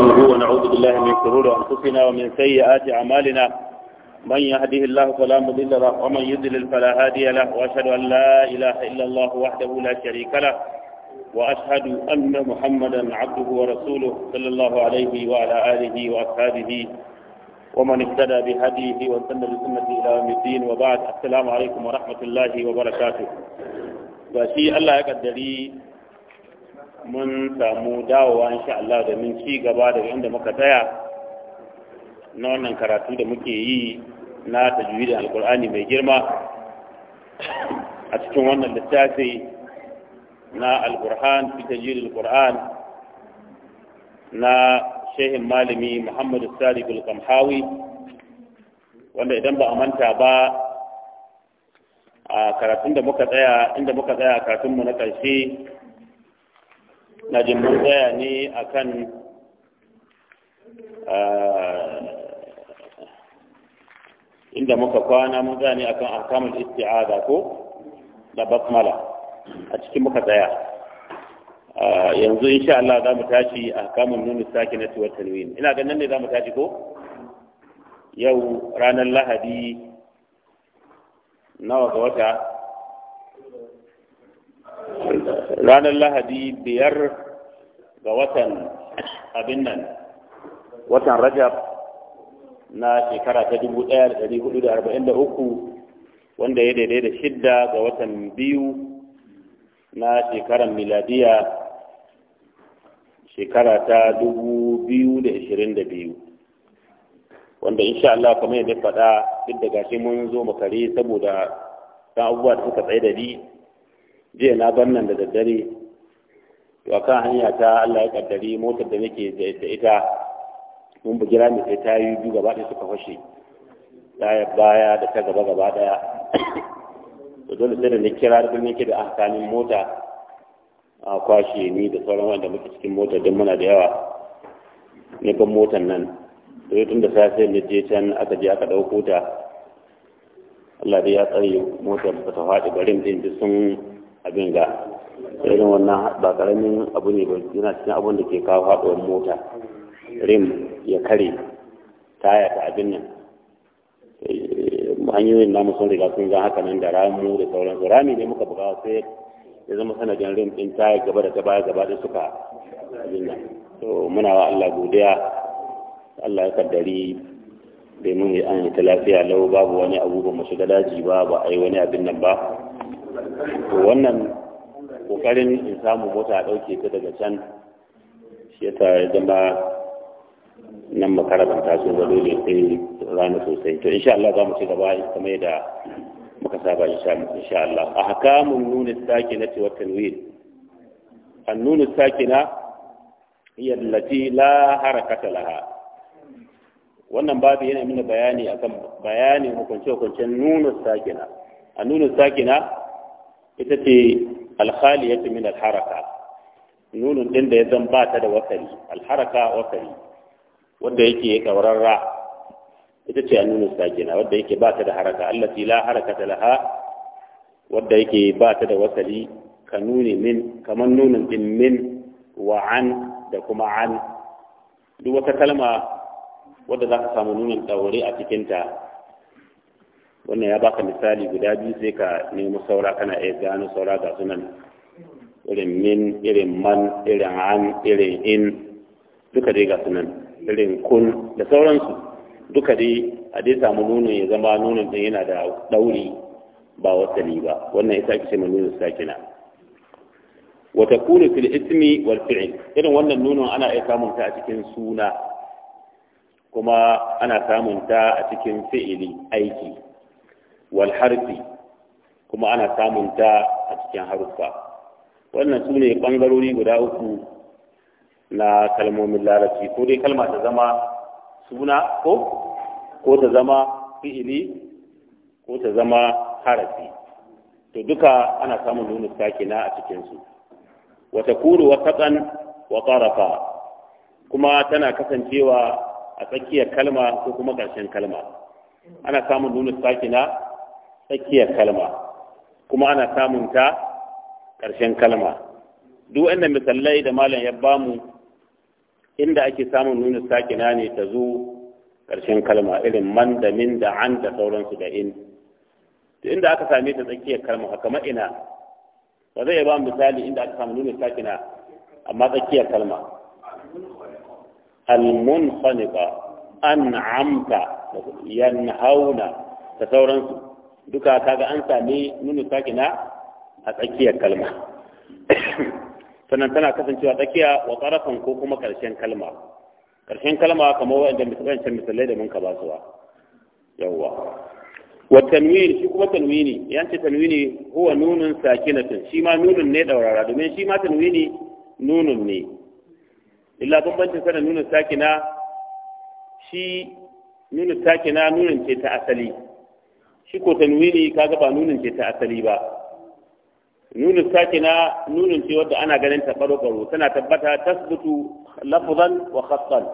ونعوذ بالله من شرور أنفسنا ومن سيئات أعمالنا من يهده الله فلا مضل له ومن يضلل فلا هادي له وأشهد أن لا إله إلا الله وحده لا شريك له وأشهد أن محمدا عبده ورسوله صلى الله عليه وعلى آله وأصحابه ومن اهتدى بهديه وسن بسنته إلى يوم الدين وبعد السلام عليكم ورحمة الله وبركاته. وشيء الله لي mun samu dawowa insha Allah da mun ci gaba daga inda muka tsaya na wannan karatu da muke yi na al alkur'ani mai girma a cikin wannan littafi na alkur'an fi al alkur'an na shehin malami muhammadu sadiq al-kamhawi wanda idan ba a manta ba a karatun da muka tsaya inda muka tsaya karatunmu na ƙarshe na jin mun tsaya ne kan ah, inda muka kwana mun tsaya ne akan ahkamul isti'aza ko da basmala a cikin muka tsaya ah, yanzu insha Allah za mu tashi nuna sake na wa tanwin ina ganin ne za mu tashi ko yau ranar lahadi nawa ga wata ranar lahadi biyar ga watan abin nan watan rajab na shekara ta 1443 wanda ya daidai da shidda ga watan biyu na shekarar miladiya shekara ta 2022 wanda insha Allah kamar yadda faɗa duk da gashi mun zo makare saboda ɗan abubuwa da suka tsaye da ni jiya na bar nan da daddare to kan hanya ta Allah ya kaddari motar da nake da ita mun bugi rami sai ta yi biyu gaba ɗaya suka fashe tayar baya da ta gaba gaba ɗaya to dole sai da na kira da nake da ahkamin mota a kwashe ni da sauran wanda muke cikin motar don muna da yawa ne ban motar nan sai tun da safe ne je can aka je aka ɗauko ta Allah dai ya tsare motar ba ta faɗi barin din sun abin ga irin wannan ba karamin abu ne ba yana cikin abin da ke kawo haɗuwar mota rim ya kare taya ta abin nan eh, hanyoyin na sun riga sun zan haka nan da ramu da sauransu rami ne muka buga sai ya zama sanadin rim ɗin taya gaba da ta baya gaba da suka abin nan to muna wa Allah godiya Allah ya kaddari bai mun an ta lafiya lau babu wani abu ba mu shiga daji ba ba a yi wani abin nan ba to wannan kokarin in samu mota a ɗauke ta daga can shi ta zama nan makarabanta taso ba, dole sai rana sosai to insha Allah za mu ci gaba kamar da muka saba insha Allah ahkamun nunin sakinati wa tanwin النون sakina هي التي la harakata laha. wannan babu yana nuna bayani akan bayani hukunce hukuncen nunu sakina a nunu sakina ita ce alkhaliyatu min alharaka nunun din da ya zan ba ta da wasari alharaka wasari wanda yake kawararra. ita ce a annunu sakina wanda yake ba ta da haraka allati la harakata laha wanda yake ba ta da wasari ka nuni min kamar nunin din min wa an da kuma an duk wata kalma wadda za ka samu nunin ɗaure a cikinta wannan ya baka misali guda biyu sai ka nemo saura kana iya gano saura ga sunan irin min irin man irin an irin in duka dai ga sunan irin kun da sauransu duka dai a dai samu nunin ya zama nunin din yana da dauri ba wasali ba wannan ita ake cewa nunin sakina wa takunu fil ismi wal fi'l irin wannan nunin ana iya samun ta a cikin suna kuma ana samun ta a cikin fi'ili aiki Walharfi kuma ana samun ta a cikin haruffa wannan su ne ɓangarori guda uku na kalmomin larabci ko dai kalma ta zama suna ko ko ta zama fi'ili ko ta zama harafi to duka ana samun nuna sakina a cikinsu wata kuru wa tsan wa ƙarafa kuma tana kasancewa a tsakiyar kalma ko kuma ƙarshen kalma ana samun nuna sakina tsakiyar kalma kuma ana samun ta ƙarshen kalma duk wannan misalai da malam ya bamu inda ake samun nuna sakina ne ta zo ƙarshen kalma irin man da min da an da sauransu da in to inda aka same ta tsakiyar kalma haka ina ba zai ba misali inda aka samu nuna sakina amma tsakiyar kalma almun khaniqa an'amta yanhauna da sauransu duka kaga an sami nunu sakina a tsakiyar kalma sannan tana kasancewa tsakiya wa tsarafan ko kuma ƙarshen kalma ƙarshen kalma kamar waɗanda misalancan misalai da mun ka ba su yawwa wa tanwini shi kuma tanwini yan ce tanwini huwa nunun tun shi ma nunun ne daurara domin shi ma tanwini nunun ne illa bambancin sana nunun sakina shi nunun sakina nunun ce ta asali shi ko tanwini kaga ba nunin ce ta asali ba nunin sakina nunin ce wadda ana ganin ta baro tana tabbata tasbutu lafzan wa khattan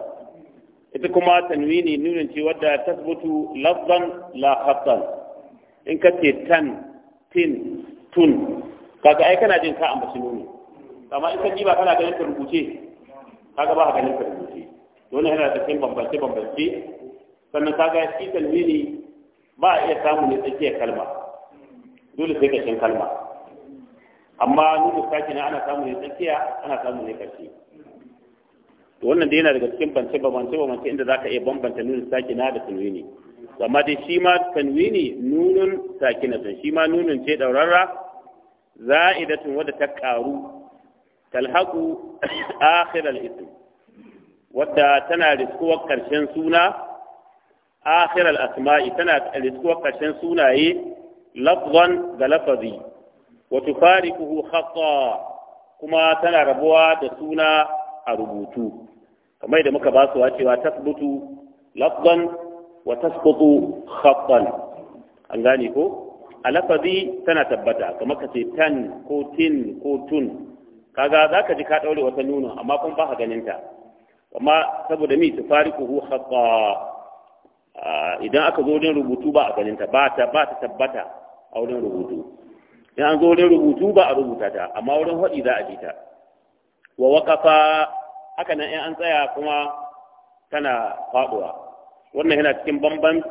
ita kuma tanwini nunin ce wadda tasbutu lafzan la khattan in ka ce tan tin tun kaga ai kana jin ka ambaci nuni amma in ka ba kana ganin ta rubuce kaga ba ka ganin ta rubuce dole yana da cikin bambance bambance sannan kaga shi tanwini ba a iya samun ne tsakiyar kalma dole sai kashin kalma amma nudu sake na ana samun ne tsakiya ana samun ne karshe to wannan dai yana daga cikin bance bance bance inda za ka iya bambanta nudu sake na da tanwini amma dai shi ma tanwini nunun sakinatun shi ma nunin ce daurarra za'idatun wadda ta karu talhaqu akhir al-ism wadda tana riskuwar karshen suna akhir al-asma'i tana riskuwa ƙarshen sunaye lafzan da lafazi wa tufariquhu khatta kuma tana rabuwa da suna a rubutu kamar da muka ba su cewa tasbutu lafzan wa tasqutu khattan an gane ko a lafazi tana tabbata kamar ka ce tan ko tin ko tun kaga ji ka daure wata nuna amma kun ba ka ganin Ah, idan aka zo wurin rubutu ba a ganinta ba ta tabbata a wurin rubutu in an zo wurin rubutu ba a rubuta ta amma wurin haɗi za a ji ta wa waƙafa haka nan in an tsaya kuma tana faɗuwa wannan yana cikin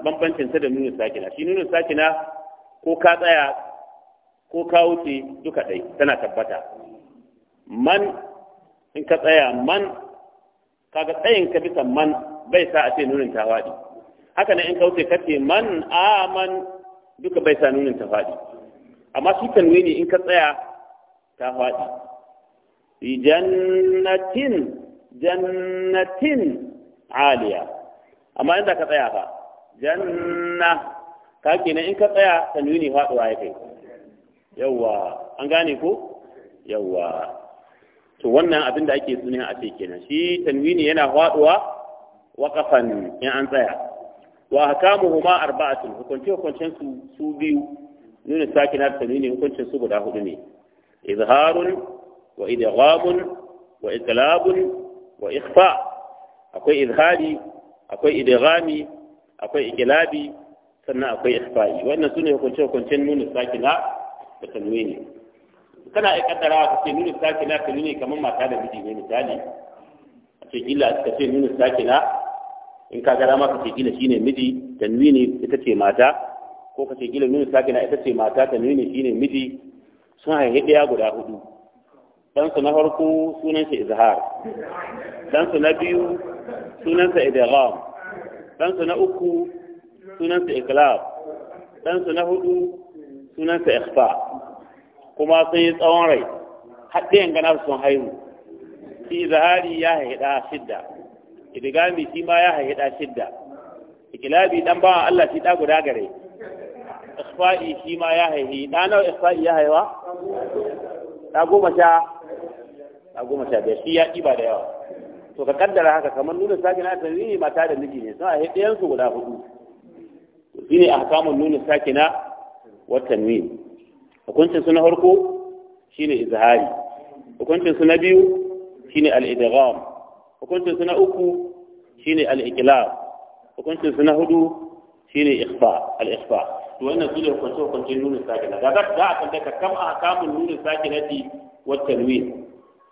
bambancin ta da nunin sakina shi nunin sakina ko ka tsaya ko ka wuce duka ɗai tana tabbata man in ka tsaya man kaga tsayin ka bisa man bai sa a ce nunin ta waɗi haka nan in kauce kace man aman duka bai sa nunin tafadi faɗi amma shi kan ne in ka tsaya ta faɗi fi jannatin jannatin aliya amma inda ka tsaya fa janna ka kenan in ka tsaya tanwini faɗuwa ya kai yawwa an gane ko yawwa to wannan abin da ake suna a ce kenan shi tanwini yana faɗuwa waƙafan in an tsaya wa hakamuhuma arba'atun hukunci hukuncin su su biyu nuna sakinar ne hukuncin su guda hudu ne izharun wa idghabun wa itlabun wa ikhfa akwai izhari akwai idghami akwai ikilabi, sannan akwai ikhfa'i wannan sune hukunci hukuncin nuna sakina da tanwini kana ai kaddara ka ce nuna sakina tanwini kamar mata da miji ne misali a ce illa ka ce nuna sakina in ka gara ma ka ce gila shine miji tanwini ita ce mata ko ka ce gila nuna na ita ce mata tanwini shine miji sun haihi ɗaya guda hudu ɗansu na farko sunansa izhar ɗansu na biyu sunansa idgham ɗansu na uku sunansa iklab ɗansu na hudu sunansa ikhfa kuma sun yi tsawon rai haɗe gana sun haihu shi zahari ya haiɗa shidda idigami shi ma ya haihida shidda ikilabi dan bawan Allah shi da guda gare isfa'i shi ma ya haihi da nawa isfa'i ya haiwa da goma sha da goma sha biyar shi ya kiba da yawa to ka kaddara haka kamar nuna sakin na tanzini mata da miji ne sai haihi ɗayan su guda hudu shi ne ahkamun nuna sakina wa tanwin hukuncin su na farko shine izhari hukuncin su na biyu shine al-idgham hukuncin na uku shine al-iqlab hukuncin na hudu shine ikhfa al-ikhfa to wannan shine hukuncin hukuncin nunin sakina da za a kanta ka kam a ahkamun nunin sakinati wa tanwin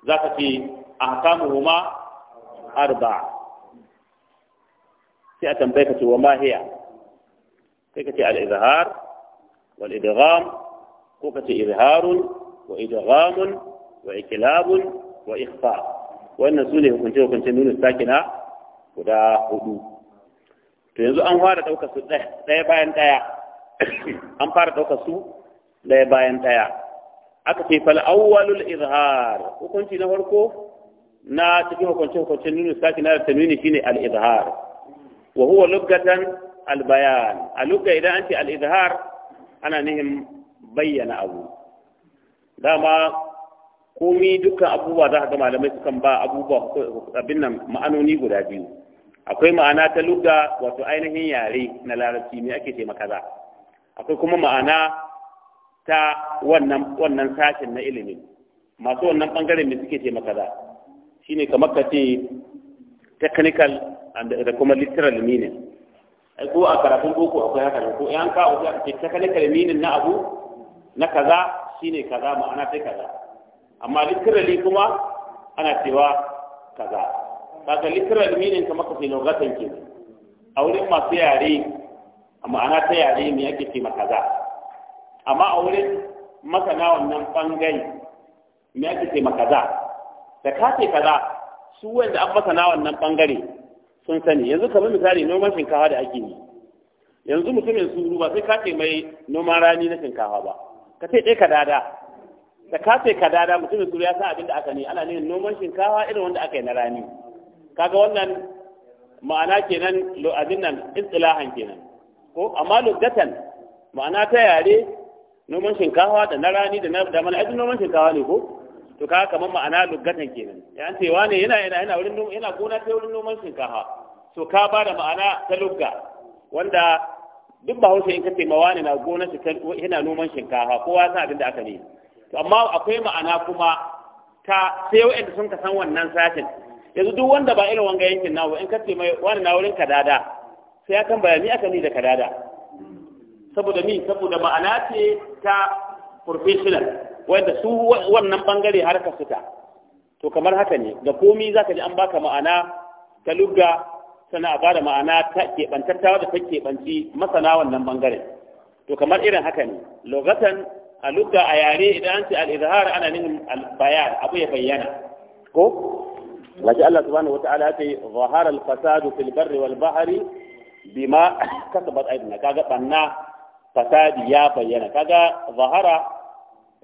zaka ce a huma arba sai a tambaye ka ce wa ma hiya kai ka ce al-izhar wal idgham ko ka ce izharun wa idghamun wa iqlabun wa ikhfa' wannan su ne hukunce-hukunce nuna sakina guda hudu to yanzu an fara ɗaukar su ɗaya bayan ɗaya an fara ɗaukar su ɗaya bayan ɗaya aka ce fal awwalul izhar hukunci na farko na cikin hukunce hukunce nuna sakina da tanwini shine al izhar wa huwa lugatan al bayan a lugga idan an ce al izhar ana nihin bayyana abu dama komi dukkan abubuwa za ka ga malamai sukan ba abubuwa abin nan ma'anoni guda biyu akwai ma'ana ta lugga wato ainihin yare na larabci ne ake ce za akwai kuma ma'ana ta wannan wannan sashen na ilimi masu wannan bangaren ne suke ce Shi shine kamar ka ce technical and da kuma literal meaning ai ko a karatun boko akwai haka ko yan an ka uku aka ce technical meaning na abu na kaza shine kaza ma'ana sai kaza amma literally kuma ana cewa kaza kaga literal meaning kamar ka fi lugatan ke a wurin masu yare a ma'ana ta yare mai ake ce maka kaza amma a wurin masana wannan bangare mai ake ce maka kaza da ka ce kaza su wanda an masana wannan bangare sun sani yanzu kamar misali noman shinkawa da ake yi yanzu mutumin suru ba sai ka ce mai noman rani na shinkawa ba ka ce ɗaya ka dada da ka sai ka dada mutumin kudu ya sa abin da aka ne ana ne noman shinkawa irin wanda aka yi na rani kaga wannan ma'ana kenan lo abin nan istilahan kenan ko amma lugatan ma'ana ta yare noman shinkawa da na rani da na da mana ajin noman shinkawa ne ko to kaga kamar ma'ana lugatan kenan ya ce wane yana yana yana wurin yana gona ta wurin noman shinkawa to ka ba da ma'ana ta lugga wanda duk hausa in ka ce wane na gona shi yana noman shinkawa kowa san abin da aka ne to amma akwai ma'ana kuma ta sai wa'anda sun ka san wannan satin yanzu duk wanda ba irin wanga yankin nawo in ka ce mai wani na wurin kadada sai ya tambaya ni aka ni da kadada saboda ni saboda ma'ana ce ta professional wanda su wannan bangare harkar ka fita to kamar haka ne da komi zaka ji an baka ma'ana ta lugga sana ba da ma'ana ta keɓantattawa da ta keɓanci masana wannan bangare to kamar irin haka ne logatan اللغة أياري يعني إذا أنت الإظهار أنا من البيان أبو يبينا كو وجعل الله سبحانه وتعالى في ظهر الفساد في البر والبحر بما كتبت أيضا كذا بنا فساد يا بيانا كذا ظهر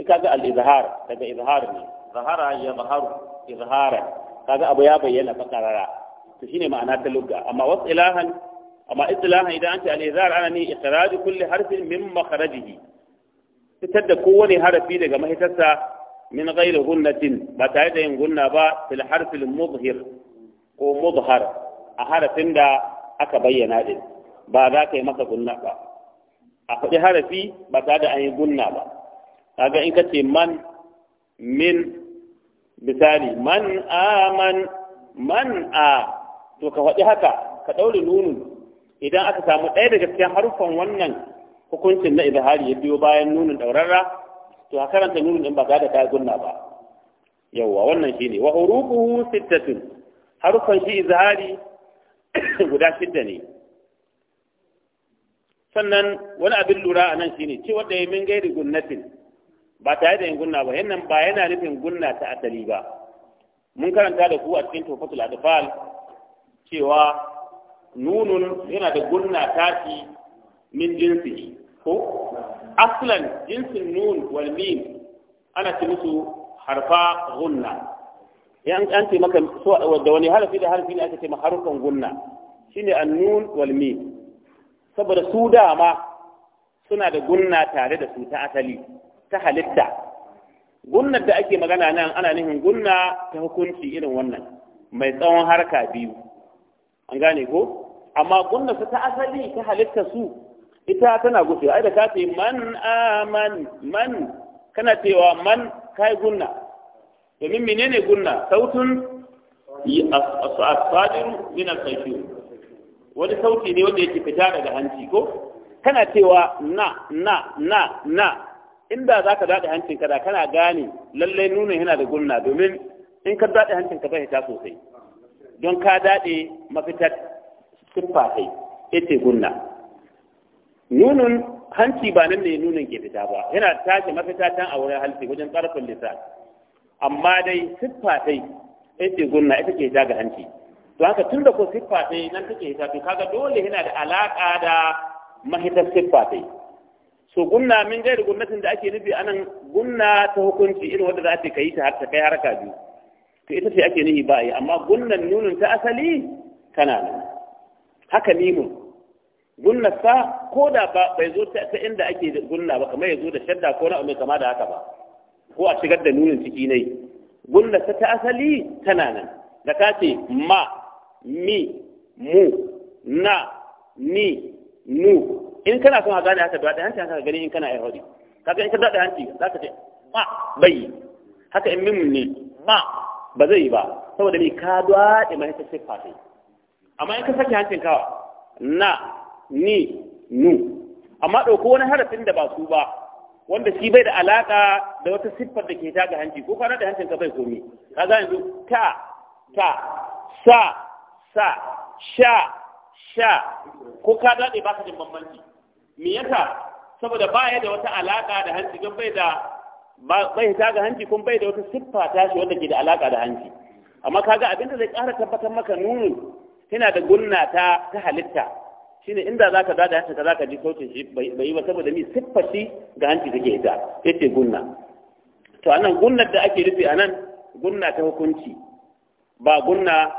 كذا الإظهار كذا إظهار ظهر يظهر إظهارا كذا أبو يبينا بقرارا تشيني معنى اللغة أما وصلها أما إطلاها إذا أنت الإظهار أنا من إخراج كل حرف من مخرجه fitar da kowane harafi daga mahitarsa min ghairi gunnatin ba tare da yin gunna ba fil harfil mudhir ko mudhar a harafin da aka bayyana din ba za ka yi masa gunna ba a faɗi harafi ba tare da an yi gunna ba kaga in ka ce man min misali man a man man a to ka faɗi haka ka ɗaure nunu idan aka samu ɗaya daga cikin haruffan wannan hukuncin na izhari ya biyo bayan nunin daurarra to a karanta nunin in ba ga da ta gunna ba yawwa wannan shine wa hurufuhu sittatun harufan shi izhari guda shidda ne sannan wani abin lura a nan shine ce wanda ya min gairi gunnatin ba tare da yin gunna ba yannan ba yana nufin gunna ta asali ba mun karanta da ku a cikin tofatul adfal cewa nunun yana da gunna tashi min jinsi ko aslan jinsin nun wal mim ana ce musu harfa gunna yan an ce maka da wani harfi da harafi ne aka ce maharukan gunna shine annun wal mim saboda su dama suna da gunna tare da su ta asali ta halitta gunnar da ake magana nan ana nufin gunna ta hukunci irin wannan mai tsawon harka biyu an gane ko amma gunnar ta asali ta halitta su ita tana gufe ai da ka ce man aman man kana cewa man kai gunna domin menene gunna sautun as min al wani sauti ne wanda yake fita daga hanci ko kana cewa na na na na inda za ka daɗe hancin ka da kana gane lallai nuna yana da gunna domin in ka daɗe hancin ka bai ta sosai don ka daɗe mafitar siffa kai ita gunna nunun hanci ba nan ne nunin ke fita ba yana tashi mafita tan a wurin hanci wajen tsarfin lisan amma dai siffa dai ita gunna ita ke daga hanci to haka tun da ko siffa dai nan take hita to kaga dole yana da alaka da mahitar siffa dai so gunna min gairi gunnatin da ake nufi anan gunna ta hukunci irin wanda za ta kai ta har ta kai harka biyu to ita ce ake nufi ba yi amma gunnan nunin ta asali kana nan haka mun. gunna sa ko da ba bai zo ta inda ake gunna ba kamar ya zo da shadda ko na mai kama da haka ba ko a shigar da nunin ciki ne gunna sa ta asali tana nan da ka ce ma mi mu na ni nu in kana son a gane haka da hanci haka gani in kana ai kaga in ka da hanci za ka ce ma bai haka in mimmi ne ma ba zai yi ba saboda ni ka dade mai ta sifa sai amma in ka saki hancin kawa na ni nu amma ɗauko wani harafin da ba su ba wanda shi bai da alaka da wata siffar da ke ta ga hanci ko fara da hancin ka bai komi ga yanzu ta ta sa sa sha sha ko ka dade baka jin bambanci me yasa saboda baya da wata alaka da hanci don bai da bai ta ga hanci kun bai da wata siffa ta shi wanda ke da alaka da hanci amma kaga abin da zai ƙara tabbatar maka nunu tana da gunna ta halitta shine inda zaka zaga ya za ka ji sautin shi bai yi ba saboda mi siffashi ga hanci take ita yace gunna to anan gunnar da ake rufe anan gunna ta hukunci ba gunna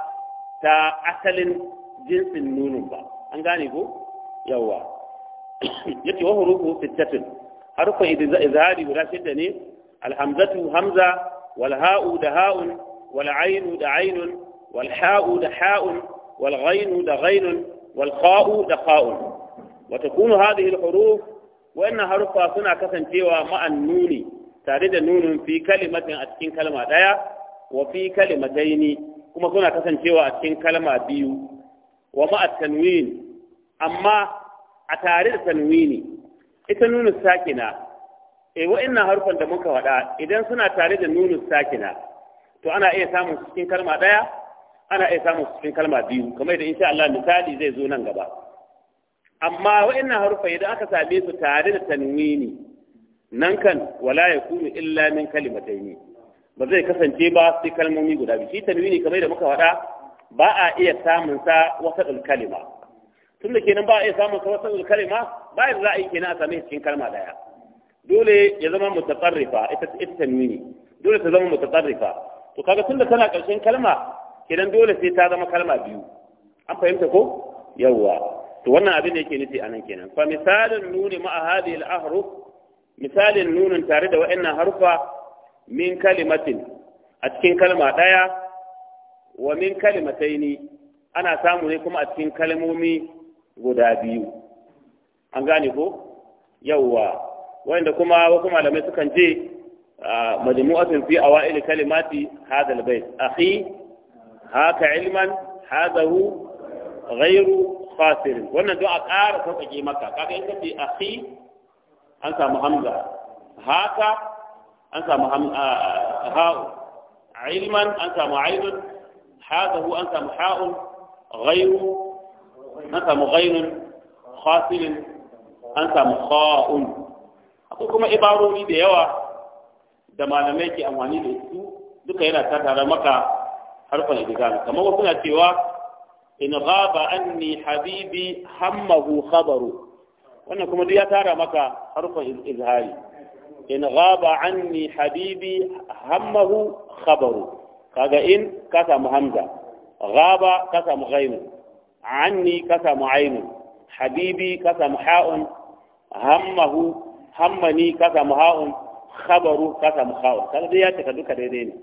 ta asalin jinsin nunin ba an gane ko yawa yace wa hurufu sittatun harfan izhari guda shidda ne alhamzatu hamza wal ha'u da ha'un wal ainu da ainun wal ha'u da ha'un wal ghainu da ghainun والخاء دخاء وتكون هذه الحروف وإن حرفها سنة كسنتيوا مع النون تارد نون في كلمة أتكين كلمة دايا وفي كلمتين كما سنة كسنتيوا أتكين كلمة بيو ومع التنوين أما أتارد تنويني ita nunu sakina eh wa'annan harfan da muka faɗa idan suna tare da nunu sakina to ana iya samun cikin kalma ɗaya ana iya samun cikin kalma biyu kamar yadda insha Allah misali zai zo nan gaba amma wa'annan harufa idan aka same su tare da tanwini nan kan wala ya yakunu illa min kalimataini ba zai kasance ba sai kalmomi guda biyu shi tanwini kamar da muka faɗa ba a iya samun sa wasadul kalima tunda kenan ba a iya samun sa wasadul kalima ba yadda za a yi kenan a same cikin kalma daya dole ya zama mutatsarrifa ita ita tanwini dole ta zama mutatsarrifa to kaga tunda tana ƙarshen kalma kidan dole sai ta zama kalma biyu an fahimta ko yawwa to wannan abin da yake nufi anan kenan fa misalin nuni ma hadhihi al-ahruf misalin nunin tare da wa'annan harfa min kalimatin a cikin kalma daya wa min kalimataini ana samu ne kuma a cikin kalmomi guda biyu an gane ko yawwa wanda kuma wasu malamai sukan je ah, majmu'atun fi awail kalimati hadal bait akhi haka ilman hadahu ghairu khasir wannan don kara ƙara sauƙaƙe maka kaga in kace akhi an samu hamza haka an samu ha'u ilman an samu ainun hadahu an samu ha'un ghairu an samu ghairun khasirin an samu kha'un akwai kuma ibarori da yawa da malamai ke amfani da su duka yana tattara maka harfan idgam kamar wasu na cewa in ghaba anni habibi hammahu khabaru wannan kuma duk ya tara maka harfan izhari in ghaba anni habibi hammahu khabaru kaga in ka samu hamza ghaba ka samu ghainu anni ka samu ainu habibi ka samu ha'un hammahu hammani ka samu ha'un khabaru ka samu ha'un kaga dai ya cika duka daidai ne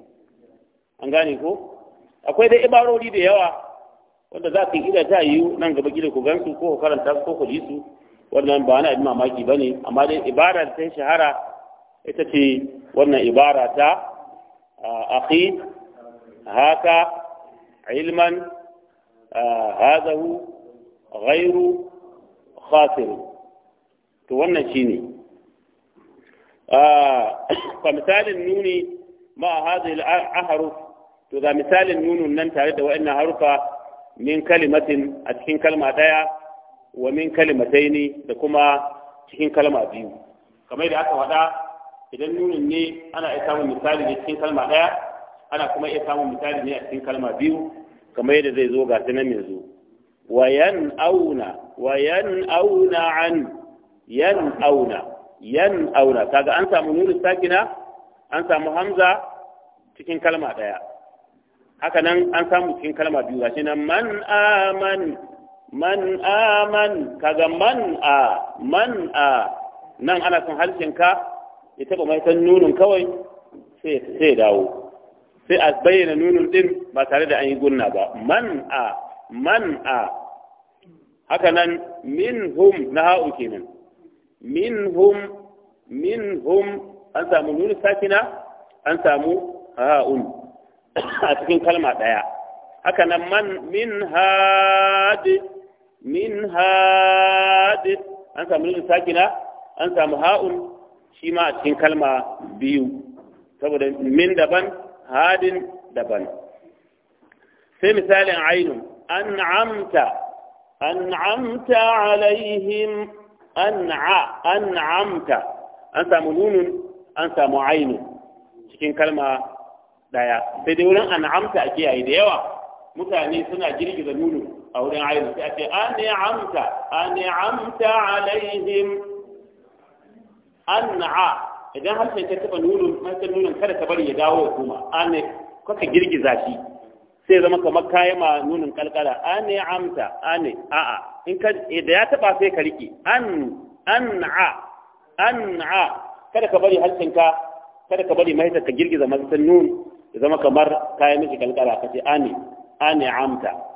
an gane ko akwai dai ibarori da yawa wanda za ka yi ila ta yiwu nan gaba gida ku gansu ko karanta ko ku su wannan ba na abin mamaki ba ne amma dai ibara ta shahara ita ce wannan ibara ta aqi haka ilman hazahu ghairu khasir to wannan shine fa misalin nuni ma hadhihi al-ahruf to ga misalin nunun nan tare da wa'annan harufa min kalimatin a cikin kalma ɗaya wa min kalimataini da kuma cikin kalma biyu kamar da aka faɗa idan nunin ne ana iya samun misali ne cikin kalma ɗaya ana kuma iya samun misali ne a cikin kalma biyu kamar yadda zai zo ga sanan yanzu wa yan auna wa yan auna an yan auna yan auna kaga an samu nunin sakina an samu hamza cikin kalma ɗaya haka nan an samu cikin kalma biyu gashi nan man aman man aman kaga man a man a nan ana son harshen ka ya taba mai san nunun kawai sai sai dawo sai a bayyana nunun din ba tare da an yi gunna ba man a man a haka nan minhum na ha'u kenan minhum minhum an samu nunu sakina an samu ha'un a cikin kalma ɗaya haka nan man min haɗi, min haɗi. an samu nuna sakina an samu ha'un shi ma a cikin kalma biyu saboda min daban hadin daban sai misalin ainun an amta an amta alaihim an amta an samu nunun an samu ainun cikin kalma ɗaya sai dai wurin an'amta ake yayi da yawa mutane suna girgiza nuno a wurin ayin sai ake an'amta an'amta alaihim an'a idan harshen ta taba nuno harshen nuno kada ta bari ya dawo kuma an ka girgiza shi sai zama kamar kayan ma nuno kalkala ane amta ane a'a in ka da ya taba sai ka rike an an'a an'a kada ka bari harshen ka kada ka bari mai ka girgiza masan nun إذا ما كمر كائن مثل أني أني عمتا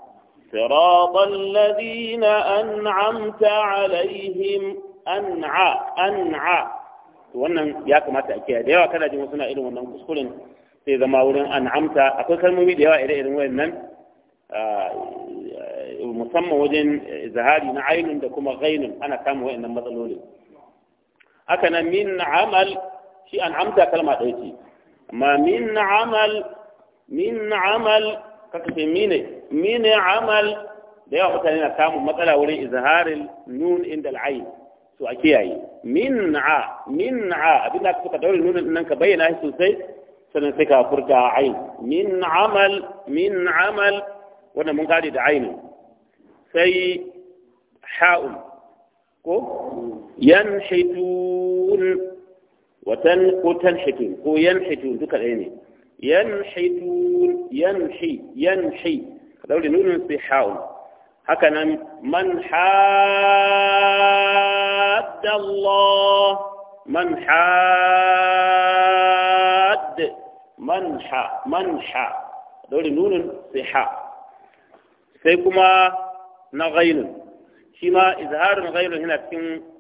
صراط الذين أنعمت عليهم أنعى أنعى وأن ياك ما تأكيد ديوا كذا جم سنا إلهم أنهم بسكولن في إذا ما أورن أنعمت أقول كلمة ديوا إلي إلهم وين من آه، مسمى وجن زهاري نعين دكما غين أنا كم وين مظلولي أكن من عمل شيء أنعمت كلمة ديتي amma min na amal min na amal ka tafi mine mine amal da yawa mutane na samun matsala wurin izharin nun inda al'ayi su a kiyaye min'a min'a abinda aka suka daure nunin nan ka bayyana shi sosai sannan sai ka furta ayin min na amal min na amal wanda mun gane da ayin sai ha'un ko Yan yanhitun وتن وتنحتون وينحتون ذكر عيني ينحتون ينحي ينحي هذول نون انسحاب هكذا من حاد الله من حاد من ح من ح هذول نون انسحاب سيكما نغيل شما إظهار نغيل هنا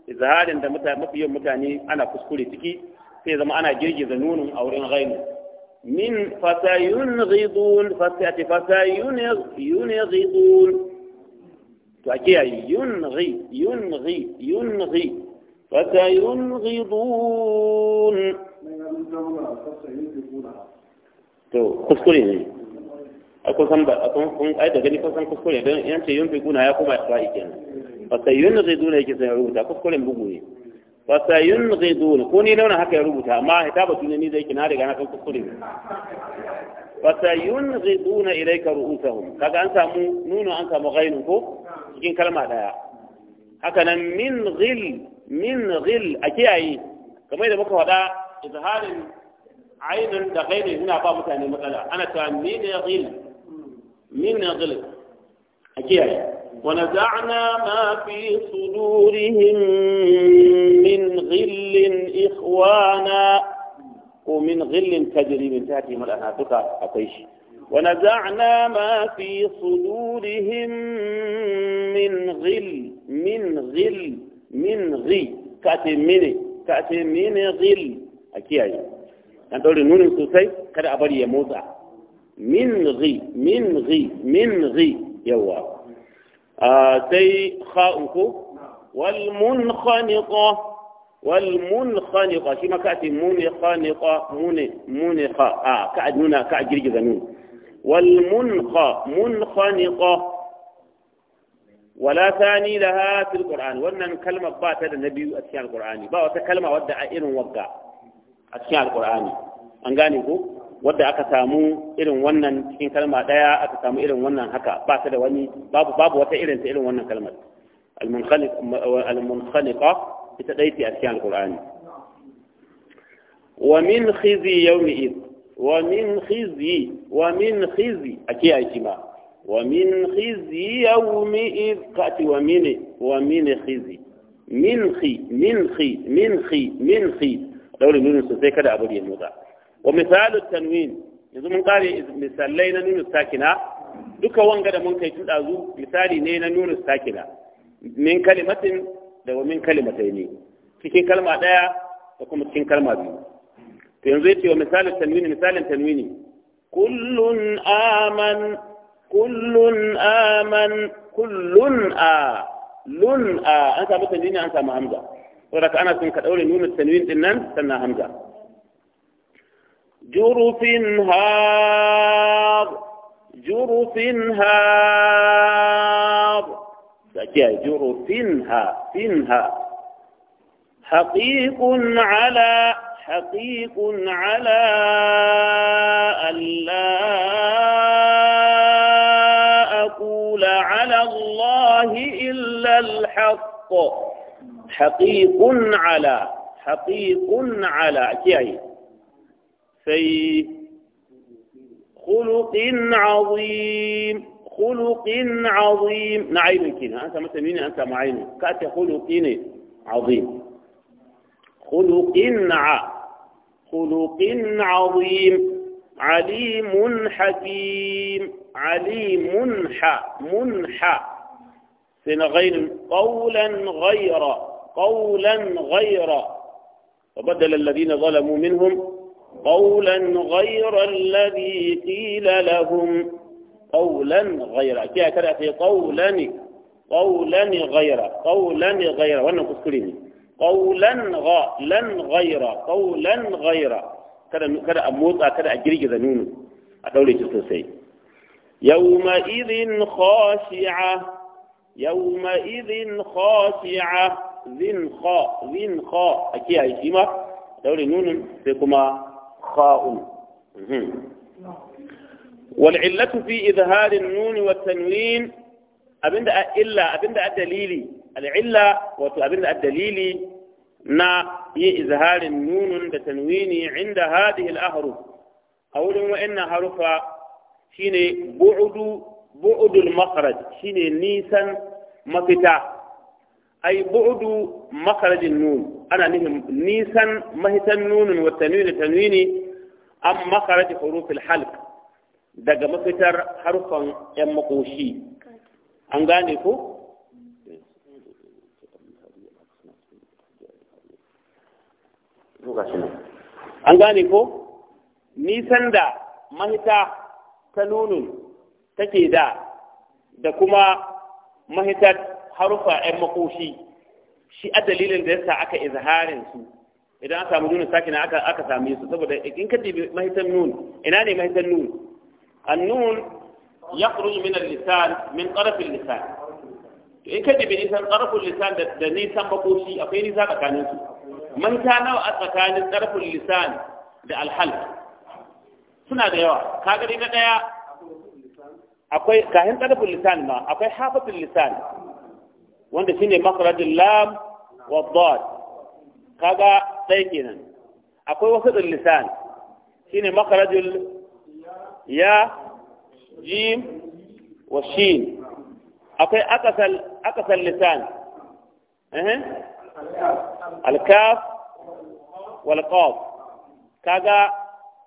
izharin da mafi yawan mutane ana kuskure ciki sai zama ana girgiza nunin a wurin ghainu min ghidun fasati fasayunghidun yun ghidun to ake yun ghi yun ghi yun ghi yunri ghidun to kuskure ne akwai san ba a kun aida gani kusan kuskure don yance yun fi kuna ya kuma isra'i kenan fasayunghiduna yake sai rubuta kuskuren bugu ne fasayunghiduna ko ni launa haka ya rubuta amma hitaba tunani zai kina riga na kan kuskure ne fasayunghiduna ilayka ru'usahum kaga an samu nuno an samu ghainun ko cikin kalma daya haka nan min ghil min ghil a kiyaye kamar da muka faɗa izharin ainun da ghaini suna ba mutane matsala ana cewa min ghil min ghil a kiyaye ونزعنا ما في صدورهم من غل إخوانا ومن غل تجري من تحتهم الأنهار تكا أقيش ونزعنا ما في صدورهم من غل من غل من غي مني كاتم مني غل أكيد أنت تقول نون سوسي كده أبدي يموتها من غي من غي من غي yawa sai kha'u ko wal munkhaniqa wal munkhaniqa shi ma ka ce munkhaniqa mune munkha a ka nuna ka girgiza nun wal munkha munkhaniqa wala thani laha fil qur'an wannan kalma ba ta da nabiyu a cikin alqur'ani ba wata kalma wadda a irin wagga a cikin alqur'ani an gane ko wanda aka samu irin wannan cikin kalma daya aka samu irin wannan haka ba ta da wani babu babu wata irin ta irin wannan kalmar al-munkhaliq al-munkhaliqa ita dai ta cikin alqur'ani wa min khizi yawmi id wa min khizi wa min khizi ake aiki ma wa min khizi yawmi id kati wa min wa min khizi min khi min khi min khi min khi daure min sosai kada abu ya motsa wa misalu tanwin yanzu mun kare misalai na nunu duka wanga da mun kai tuda zu misali ne na nunu min kalimatin da wa min kalimatai ne cikin kalma daya da kuma cikin kalma to yanzu yace wa misalu tanwini misalin tanwini kullun aman kullun aman kullun a lun a an samu tanwini an samu hamza ana son ka daure nunu tanwin sannan hamza جرف هار جرف هار فجاء ها فنها حقيق على حقيق على ألا أقول على الله إلا الحق حقيق على حقيق على كي في خلق عظيم خلق عظيم نعيم كنا أنت مثلا مين أنت معين كات خلق عظيم خلق ع خلق عظيم عليم حكيم عليم ح منح فين غير قولا غير قولا غير وبدل الذين ظلموا منهم قولا غير الذي قيل لهم قولا غير كذا في قولا قولا غير قولا غير وانا كسكريني قولا غا لن غير قولا غير كذا كذا أموت كذا أجري كذا نونو أقول لك سوسي يومئذ خاشعة يومئذ خاشعة ذن خا ذن خا أكيد هاي شيما دوري نون سيكما خاء والعلة في إظهار النون والتنوين أبدا إلا أبدا الدليل العلة وأبدا الدليل نا إظهار النون والتنوين عند هذه الأحرف أول وإن حرف شين بعد بعد المخرج شين نيسا مفتا أي بعد مخرج النون ana nufin nisan mahitan nunin wa tanwini tanwini an makaraj hurufil halk daga mafitar harfan yan makoshi an gane ko an gane ko nisan da mahita ta nunun take da da kuma mahitar harufa 'yan makoshi shi a dalilin da yasa aka izharin su idan aka samu nunu sakina aka aka same su saboda in ka dibi mahitan nun ina ne mahitan nun annun yakhruju min al-lisan min taraf al-lisan to in ka dibi nisan taraf al-lisan da nisan makoshi akwai nisa tsakanin su mahita nawa a tsakanin taraf al-lisan da al hal suna da yawa kaga na daya akwai kahin taraf al-lisan ma akwai hafatul lisan wanda ne makarajin lam wa Bod kaga ɗaya kenan akwai wasu lisan ne makarajin ya jim wa shin akwai akasal lisan alkaf wal kaga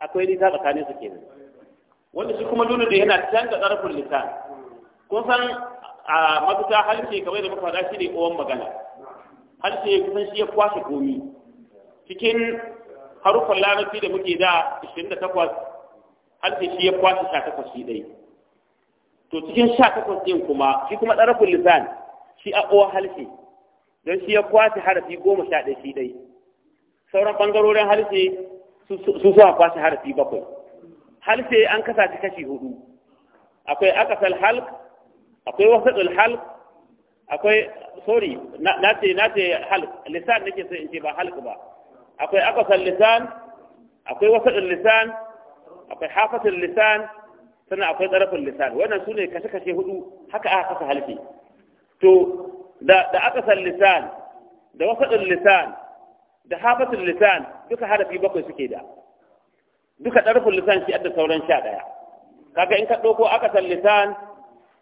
akwai nisa tsakanin su kenan wanda shi kuma nuna da yana canza ƙarfin lisan kun san a mafita halce kamar da muka faɗa shi ne kowan magana halce kusan shi ya kwashe komi cikin harufan larabci da muke da 28 halce shi ya kwashe 18 shi ɗai to cikin 18 ɗin kuma shi kuma ɗarafin lisan shi a kowa halce don shi ya kwashe harafi goma sha ɗai shi ɗai sauran ɓangarorin halce su suwa kwashe harafi bakwai halce an kasa kashi hudu akwai akasal halk akwai wasatul halq akwai sorry na ce na ce halq lisan nake sai in ce ba hal ba akwai aqsal lisan akwai wasaɗul lisan akwai hafatul lisan sannan akwai tsarafin lisan wannan su ne kashe kashe hudu haka aka kasa halfi to da aka aqsal lisan da wasaɗul lisan da hafatul lisan duka harafi bakwai suke da duka tsarafin lisan shi adda sauran sha daya kaga in ka ɗauko aqsal lisan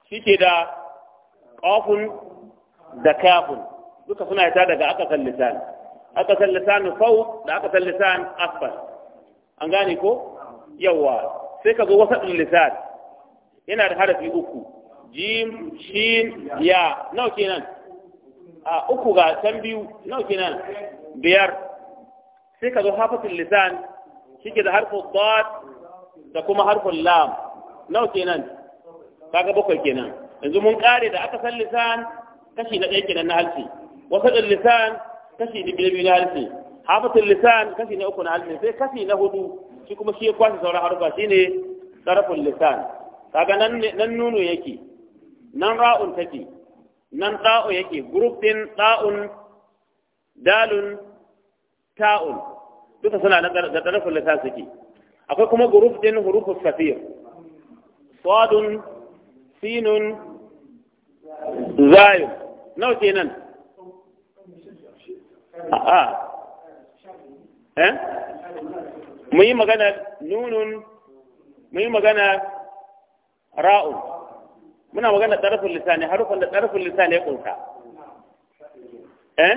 shi ke da ƙafun da kafun duka suna ita daga akasan lisan akasan lisan fau da akasan lisan asfal an gane ko yawa sai ka zo wasaɗin lisan yana da harafi uku jim shin ya nawa kenan a uku ga can biyu nawa kenan biyar sai ka zo hafatin lisan shi ke da harfin dot da kuma harfin lam nawa kenan kaga bakwai kenan yanzu mun kare da aka san lisan kashi na ɗaya kenan na halsi wasadin lisan kashi na biyu na halsi hafatul lisan kashi na uku na halsi sai kashi na hudu shi kuma shi ya kwashe sauran harufa shine sarful lisan kaga nan nunu nuno yake nan ra'un take nan ta'u yake group ɗin ɗa'un, dalun ta'un duka suna da tarafin lisan suke akwai kuma group din hurufus kafir sadun sinun zayu nawa kenan a'a eh yi magana nunun mu yi magana ra'un muna magana tarafin lisani harufan da tarafin lisani ya kunsa eh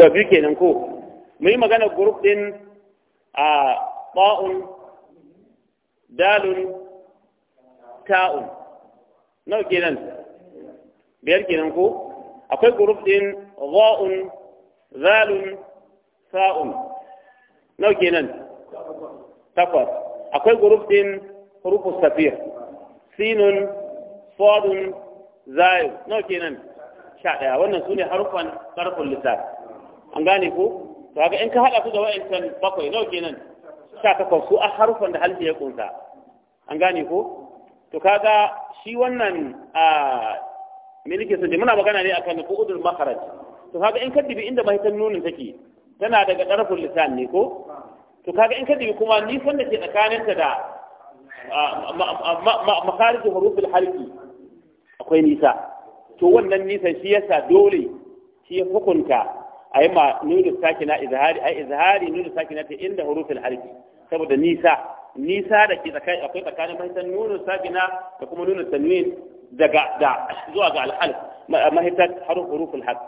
ta biyu kenan ko mu yi magana group din a ba'un dalun ta'un nau kenan biyar kenan ko akwai guruf din za'un zalun ta'un nau kenan takwas akwai guruf din hurufus safir sinun sadun zayu nau kenan sha daya. wannan su ne harufan ƙarfin lissafi an gane ko kaga in ka hada su da wa'ancan bakwai nawa kenan sha takwas su a harufan da halfi ya kunsa an gane ko to kaga shi wannan a miliki sun muna magana ne akan qu'udul makharaj to kaga in ka dibi inda mahitan nunin take tana daga darful lisan ne ko to kaga in ka dibi kuma nisan da ke tsakaninta da makarijin harufin harfi akwai nisa to wannan nisan shi yasa dole shi ya hukunta ai ma nunu sakina izhari ai izhari nunu sakina ta inda hurufin harfi saboda nisa nisa da ke tsakani akwai tsakanin mahitan nunu sakina da kuma nunu tanwin daga da zuwa ga alhalf mahitan haruf hurufin half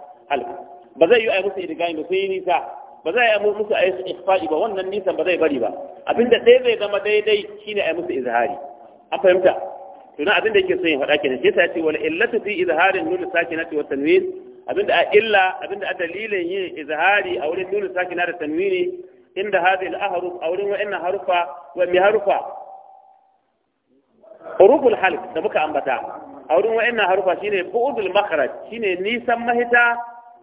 ba zai yi ai musu idigami ba sun yi nisa ba zai yi musu ai ikhfa'i ba wannan nisan ba zai bari ba abinda ɗaya zai zama daidai shine ai musu izhari an fahimta to na abinda yake son yin faɗa kenan sai ta ce wal illatu fi izharin nunu sakinati wa tanwin abinda a illa abinda a dalilin yin izhari a wurin nuna sakina da tanwini inda hadhihi al-ahruf a wurin wa'annan harufa wa mi harufa huruful halq da muka ambata a wurin wa'annan harufa shine bu'dul makhraj shine nisan mahita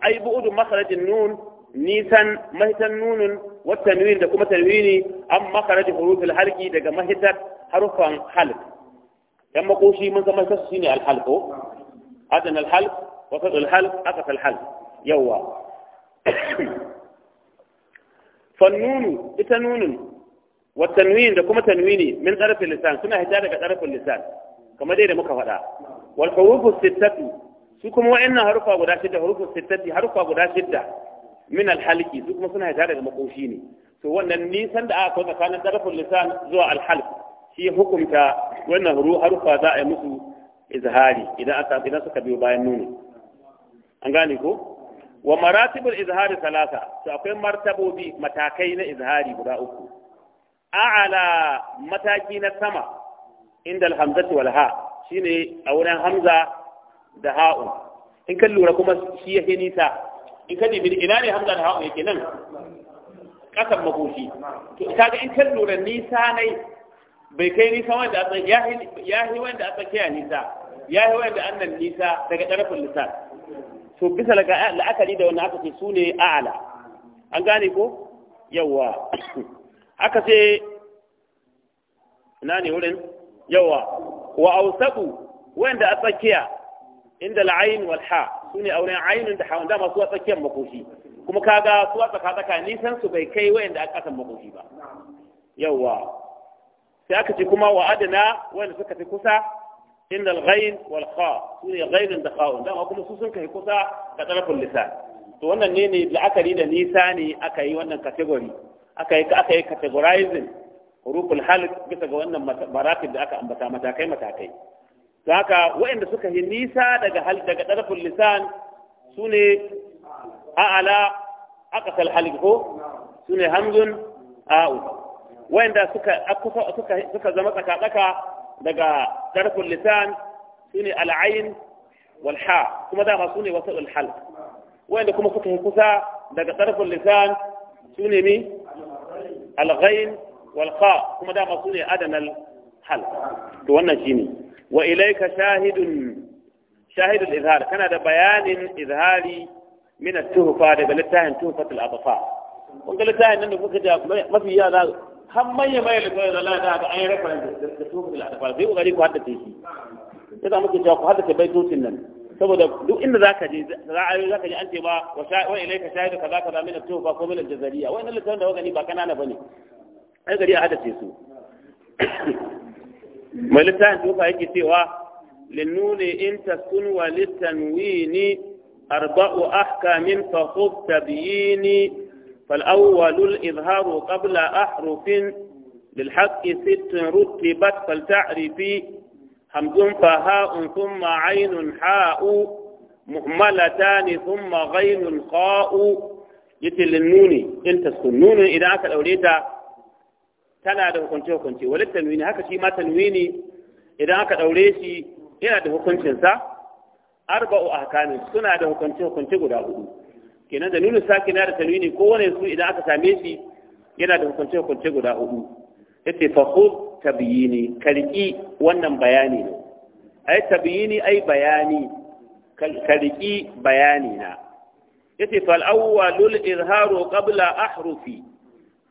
ai bu'dul makhrajin nun nisan mahitan nunun wa tanwin da kuma tanwini an makhraj huruful halqi daga mahitat harufan halq dan makoshi mun san mahitar shine al-halq adan al-halq wasa zulhal aka falhal yawa fannunu ita nunun wa tanwin da kuma tanwini min tsarfin lisan suna hita daga tsarfin lisan kamar dai da muka faɗa wal hurufu sittatu su kuma guda shidda hurufu sittati harufa guda shidda min alhalki su kuma suna hita daga makoshi ne to wanan nisan da aka ka tsakanin tsarfin lisan zuwa alhalq shi hukunta wannan harufa za a yi musu izhari idan aka idan bayan nuni an gane ko wa maratibul izhari talata to akwai martabobi matakai na izhari guda uku a'ala mataki na sama inda alhamzatu wal ha shine a wurin hamza da ha'u in kan lura kuma shi yake nisa in ka dibi ina ne hamza da ha'u yake nan kasan makoshi to kaga in kan lura nisa nai bai kai nisa wanda a ya yi wanda a tsakiya nisa ya yi wanda annan nisa daga ɗarfin lisan to bisa la'akari da wannan aka ce su ne a'ala an gane ko yawa aka ce na ne wurin yawa wa ausaku wanda a tsakiya inda la'ayin wal ha su ne auren ainihin da hawan dama su a tsakiyar makoshi kuma kaga su a tsaka tsaka nisan su bai kai wayanda a kasan makoshi ba yawa sai aka ce kuma wa adana wanda suka fi kusa inda al-ghayn wal kha su ne da kha'un kuma sun kai kusa ga tarafin lisan wannan ne la'akari da nisa ne aka yi wannan category aka yi aka wannan maratib da aka ambata matakai matakai haka waɗanda suka yi nisa daga hal daga ɗarfin lisan su ne a'ala akasal a'u suka zama tsaka-tsaka daga tarful lisan sune al'ain wal ha kuma dama sune wasaul hal wanda kuma suka yi kusa daga tarful lisan sune mi al ghain wal kuma dama sune adanal hal to wannan shine wa ilayka shahidun shahidul izhar kana da bayanin izhari min at-tuhfa daga littafin tuhfatul abfa kun ga littafin nan da kuka ji mafi yara har manya manya littafin da lada ga an yi reference da su da alfar sai kokari ku haddace shi sai da muke cewa ku haddace baitocin nan saboda duk inda zaka je za a yi zaka je an ce ba wa sha'i wa ilaika shahidu kaza kaza min at-tufa ko min al-jazariya wannan littafin da wagani ba kanana bane ai gari a haddace su mai littafin tufa yake cewa للنون إن تسكن وللتنوين أربع أحكام فخذ تبييني فالأول الإظهار قبل أحرف للحق ست رتبت فلتعرفي همز فهاء ثم عين حاء مهملتان ثم غين خاء يتل النون انت النون إذا أكل أوليتا tana da hukunce-hukunce wani tanwini haka shi ma tanwini idan aka ɗaure shi yana da hukuncinsa arba'u a suna da hukunce-hukunce guda huɗu. kenan da sakina da ko kowane su idan aka same shi yana da hukunce hukunce guda hudu yace fa khud tabyini karki wannan bayani ne ai tabyini ai bayani karki bayani na yace fal awwalul izharu qabla ahrufi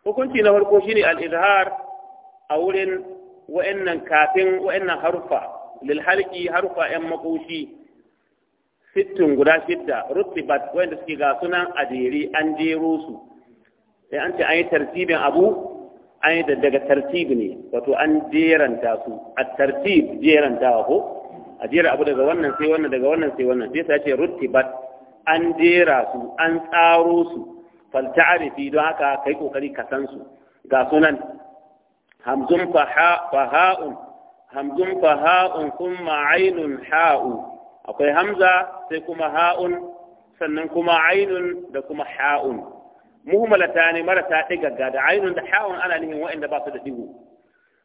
hukunci na farko shine al izhar a wurin wa'annan kafin wa'annan harufa lil halqi harufa yan makoshi sittin guda shidda bat. wanda suke ga sunan adiri an jero su sai an ce an yi tartibin abu an yi daga tartib ne wato an jeranta su a tartib jerantawa ko a jera abu daga wannan sai wannan daga wannan sai wannan sai ta ce bat. an jera su an tsaro su falta'arifi don haka kai kokari ka san su ga sunan hamzun faha'un hamzun faha'un kuma ainun ha'u akwai hamza sai kuma ha'un sannan kuma ainun da kuma ha'un muhmalata ne marasa ɗiga da ainun da ha'un ana nihin wa'anda ba su da digo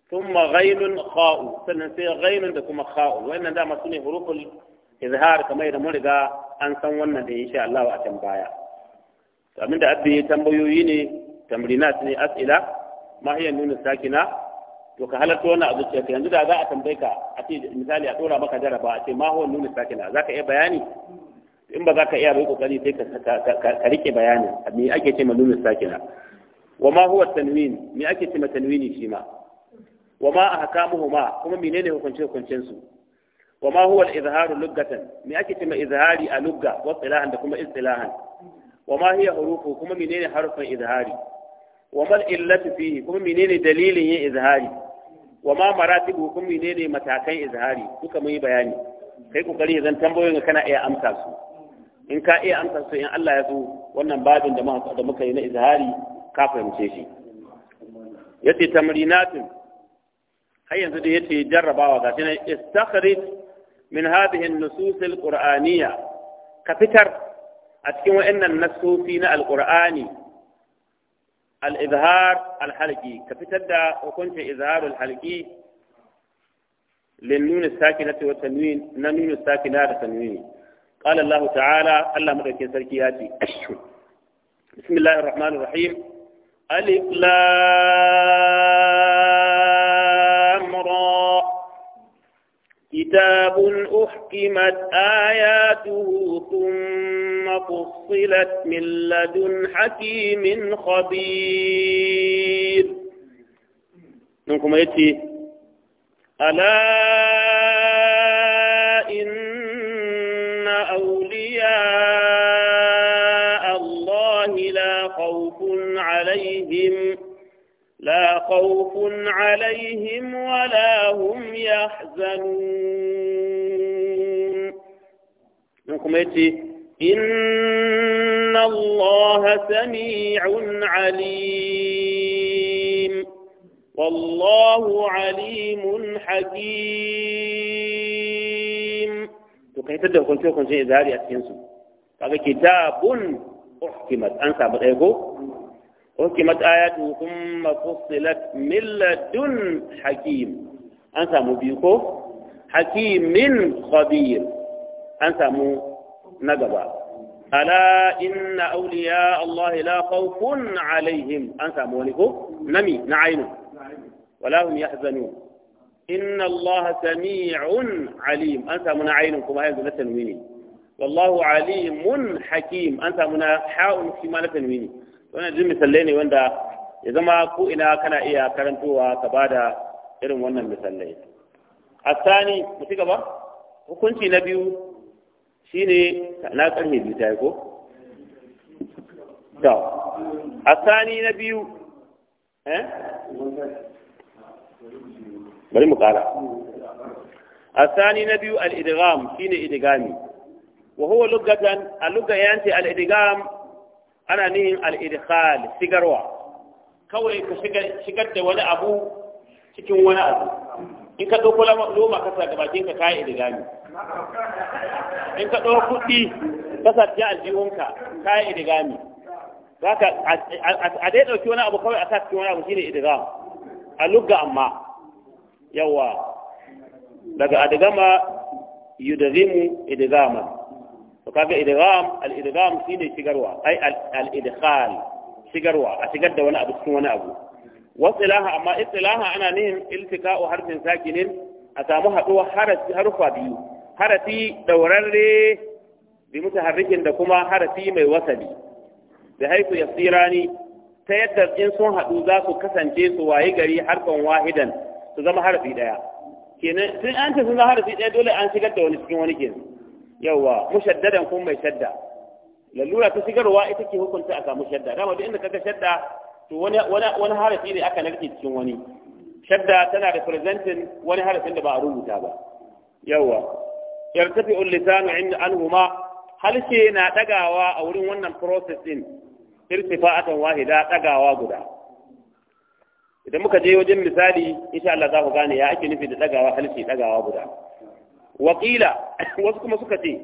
thumma ghainun kha'u sannan sai ghainun da kuma kha'u wa'annan dama su ne huruful izhar kamar yadda mun riga an san wannan da insha Allah a can baya to abinda abbi tambayoyi ne tamrinat ne as'ila ma hiya nunu sakina to ka halarta wannan abu ce yanzu da za a tambaye ka a ce misali a dora maka jaraba a ce ma huwa nunu sakina za ka iya bayani in ba za ka iya bai kokari sai ka rike bayani, me ake ce ma nunu sakina wa ma huwa tanwin me ake ce ma tanwini shi ma wa ma ahkamuhuma kuma menene hukunce hukuncen su wa ma huwa al-izharu lughatan me ake ce ma izhari a lugha wa istilahan da kuma istilahan wa ma hiya hurufu kuma menene harfin izhari wa mal illatu fihi kuma menene dalilin yin izhari wa ma maratibu kun menene matakan izhari duka mun yi bayani kai kokari zan tambayoyin kana iya amsa su in ka iya amsa su in Allah ya so wannan babin da muka da muka yi na izhari ka fahimce shi yace tamrinatun har yanzu da yace jarrabawa ga tana istakhrij min hadhihi an-nusus al-qur'aniyya ka fitar a cikin wa'annan nasofi na al-qur'ani الإظهار الحلقي كفتدى وكنت إظهار الحلقي للنون الساكنة والتنوين نمين الساكنة والتنوين قال الله تعالى الله مغيك سركياتي بسم الله الرحمن الرحيم ألف كتاب أحكمت آياته ثم فصلت من لدن حكيم خبير منكم يتي ألا إن أولياء الله لا خوف عليهم لا خوف عليهم ولا هم يحزنون منكم يتي إن الله سميع عليم والله عليم حكيم تقنيت ده كنت يوم كنت إذا هذه أتينسو هذا كتاب أحكمت أن سبقه أحكمت آيات ثم فصلت من لدن حكيم أن سمو بيكو حكيم من خبير أن سمو na gaba ala inna awliya Allah la khawfun alaihim an samu wani ko nami na ainu wala hum yahzanun inna Allah sami'un alim an samu na ainu kuma yanzu na tanwini wallahu alimun hakim an samu na ha'un shi ma na tanwini wannan jin misalai ne wanda ya zama ko ina kana iya karantowa ka bada irin wannan misalai الثاني متى hukunci na biyu shine na karhe biyu ta yi ko to sani na biyu eh bari mu ƙara. A sani na biyu al-idgham shine idgami wa huwa lugatan aluga yanti al-idgham ana nihin al-idkhal sigarwa kawai ka shigar da wani abu cikin wani abu in ka ɗauko loma ka sa gabatin ka kayi idigami in ka ɗauko kuɗi ka sa ta aljihunka kayi idigami za ka a dai ɗauki wani abu kawai a sa cikin wani abu shine idigam a lugga amma yawa daga adigama yudazimu idigaman to kaga idigam al idigam shine shigarwa ai al idkhal shigarwa a shigar da wani abu cikin wani abu wasilaha amma istilaha ana nihin iltika'u harfin sakinin a samu haɗuwa harfa biyu harafi daurarre bi mutaharrikin da kuma harafi mai wasali da haifu yasirani ta yadda in sun haɗu za su kasance su wayi gari harfan wahidan su zama harafi ɗaya kenan tun an ce sun zama harafi ɗaya dole an shigar da wani cikin wani kenan yawa mushaddadan kuma mai shadda lallura ta shigarwa ita ke hukunta a samu shadda dama duk inda kaga shadda to wani wani harafi ne aka narke cikin wani shadda tana representing wani harafin da ba a rubuta ba yawa yartafi'u lisanu inda anhuma Harshe na dagawa a wurin wannan process din irtifa'atan wahida dagawa guda idan muka je wajen misali insha Allah za ku gane ya ake nufi da dagawa harshe dagawa guda wakila wasu kuma suka ce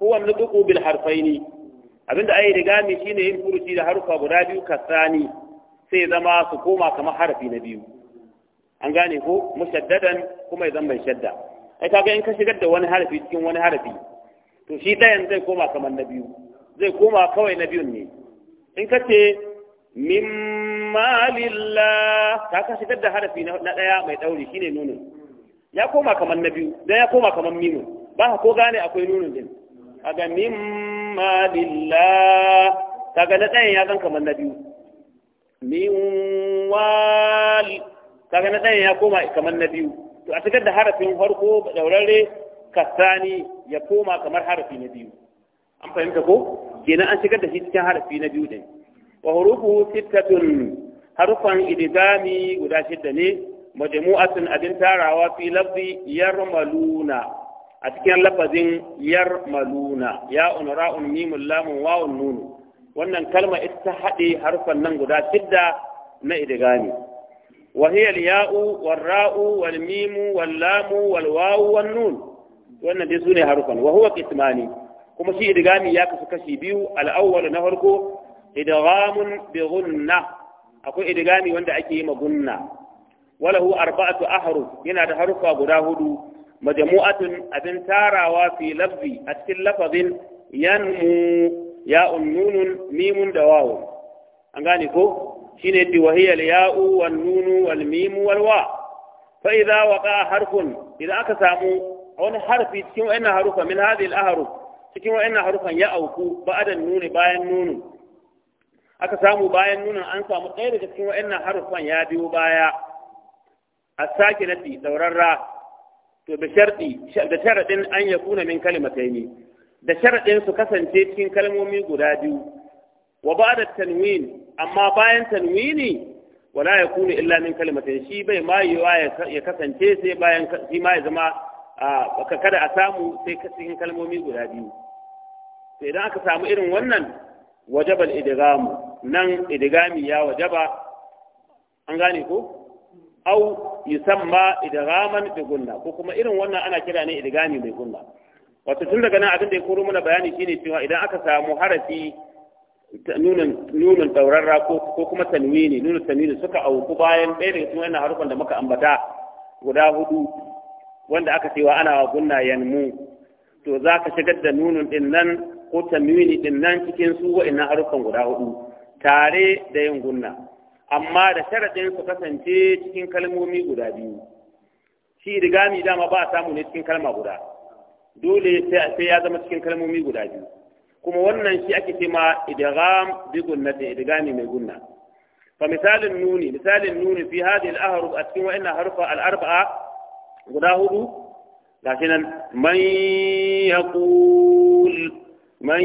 huwa nutqu bil harfaini abinda ayi rigami shine yin furuci da harufa guda biyu kasani sai zama su koma kamar harafi na biyu an gane ko mushaddadan kuma ya mai shadda ai kaga in ka shigar da wani harafi cikin wani harafi to shi ɗayan zai koma kamar na biyu zai koma kawai na biyun ne in ka ce mimma lillah ka ka shigar da harafi na ɗaya mai ɗauri shine nunin ya koma kamar na biyu dan ya koma kamar mimu ba ko gane akwai nunin din kaga mimma lillah kaga na ɗayan ya zan kamar na biyu min wal kaga na ɗayan ya koma kamar na biyu to a cikin da harafin farko daurare kasani ya koma kamar harafi na biyu an fahimta ko kenan an shigar da shi cikin harafi na biyu din wa hurufu sittatun harfan idgami guda shidda ne majmu'atun abin tarawa fi lafzi yarmaluna a cikin lafazin yarmaluna ya unra'un mimul lamun wawun nunu wannan kalma ita haɗe harfan nan guda shidda na idigami وهي الياء والراء والميم واللام والواو والنون wannan dai sune harufan wa huwa qismani kuma shi idgami ya kasu kashi biyu al-awwal na farko idgamun bi gunna akwai idgami wanda ake yi magunna walahu arba'atu ahruf yana da harufa guda hudu majmu'atun abin tarawa fi lafzi a cikin lafazin yanmu ya'un nunun mimun da wawu an gane ko shine bi wahiyal ya'u wan nunu wal mimu wal wa fa idza waqa harfun idan aka samu wani harfi cikin wa'annan harufa min hadhihi al ahruf cikin wa'annan harufan ya auku ba'adan nuni bayan nunu aka samu bayan nunin an samu ɗaya daga cikin wa'annan harufan ya biyo baya a sake nafi daurarra to da sharɗi da sharaɗin an yakuna min kalimataini da sharaɗin su kasance cikin kalmomi guda biyu wa ba da tanwin amma bayan tanwini wala ya kunu illa min kalmatin shi bai ma ya kasance sai bayan shi ma ya zama kada a samu sai cikin kalmomi guda biyu sai idan aka samu irin wannan wajabal idgamu nan idgami ya wajaba an gane ko au yusamma idgaman bi gunna ko kuma irin wannan ana kira ne idgami mai gunna wato tun daga nan abin da ya koro mana bayani shine cewa idan aka samu harafi nunan ɗaurarra, ko kuma tanwini nunan tanwini suka auku bayan ɗaya daga cikin wannan harufan da muka ambata guda hudu wanda aka cewa ana wa gunna yanmu to za ka shigar da nunun din nan ko tanwini din nan cikin su wa'annan harukan guda hudu tare da yin gunna amma da sharadin su kasance cikin kalmomi guda biyu shi rigami dama ba a samu ne cikin kalma guda dole sai ya zama cikin kalmomi guda biyu kuma wannan shi ake ce ma idgham bi gunnati idgami mai gunna fa misalin nuni misalin nuni fi hadhihi al-ahruf a cikin wa'annan harfa al-arba'a guda hudu lakin man yaqul man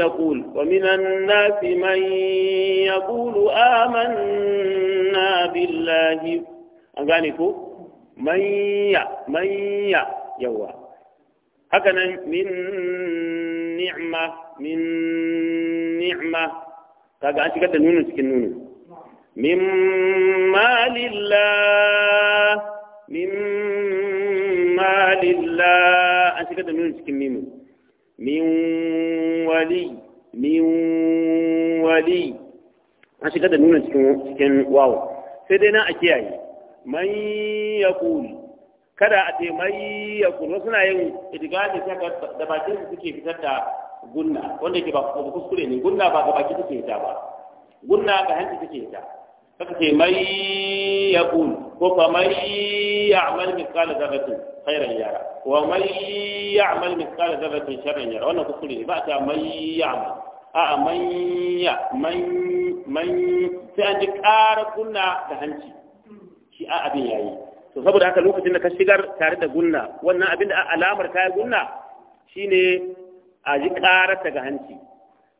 yaqul wa minan nasi man yaqulu amanna billahi an gane ko man ya man ya yawa haka nan min ni'ma min ni'ma kaga an shigar da nunin cikin nunin min malillah min malillah an shigar da nunin cikin mimu min wali min wali an shigar da nunin cikin cikin wawo sai dai na a kiyaye man yaqulu kada a ce mai ya kuno suna yin idigami da bakin su suke fitar da gunna wanda ke ba kuskure ne gunna ba ga baki suke fita ba gunna ga hanci suke fita kaka ce mai ya kun ko fa mai ya amal miskala zarratin khairan yara wa mai ya amal miskala zarratin sharran yara wannan kuskure ne ba ta mai ya amal a man ya mai mai sai an ji ƙara gunna da hanci shi a abin yayi to saboda haka lokacin da ka shigar tare da gunna wannan abin da alamar ta gunna shine a ji ƙarar daga hanci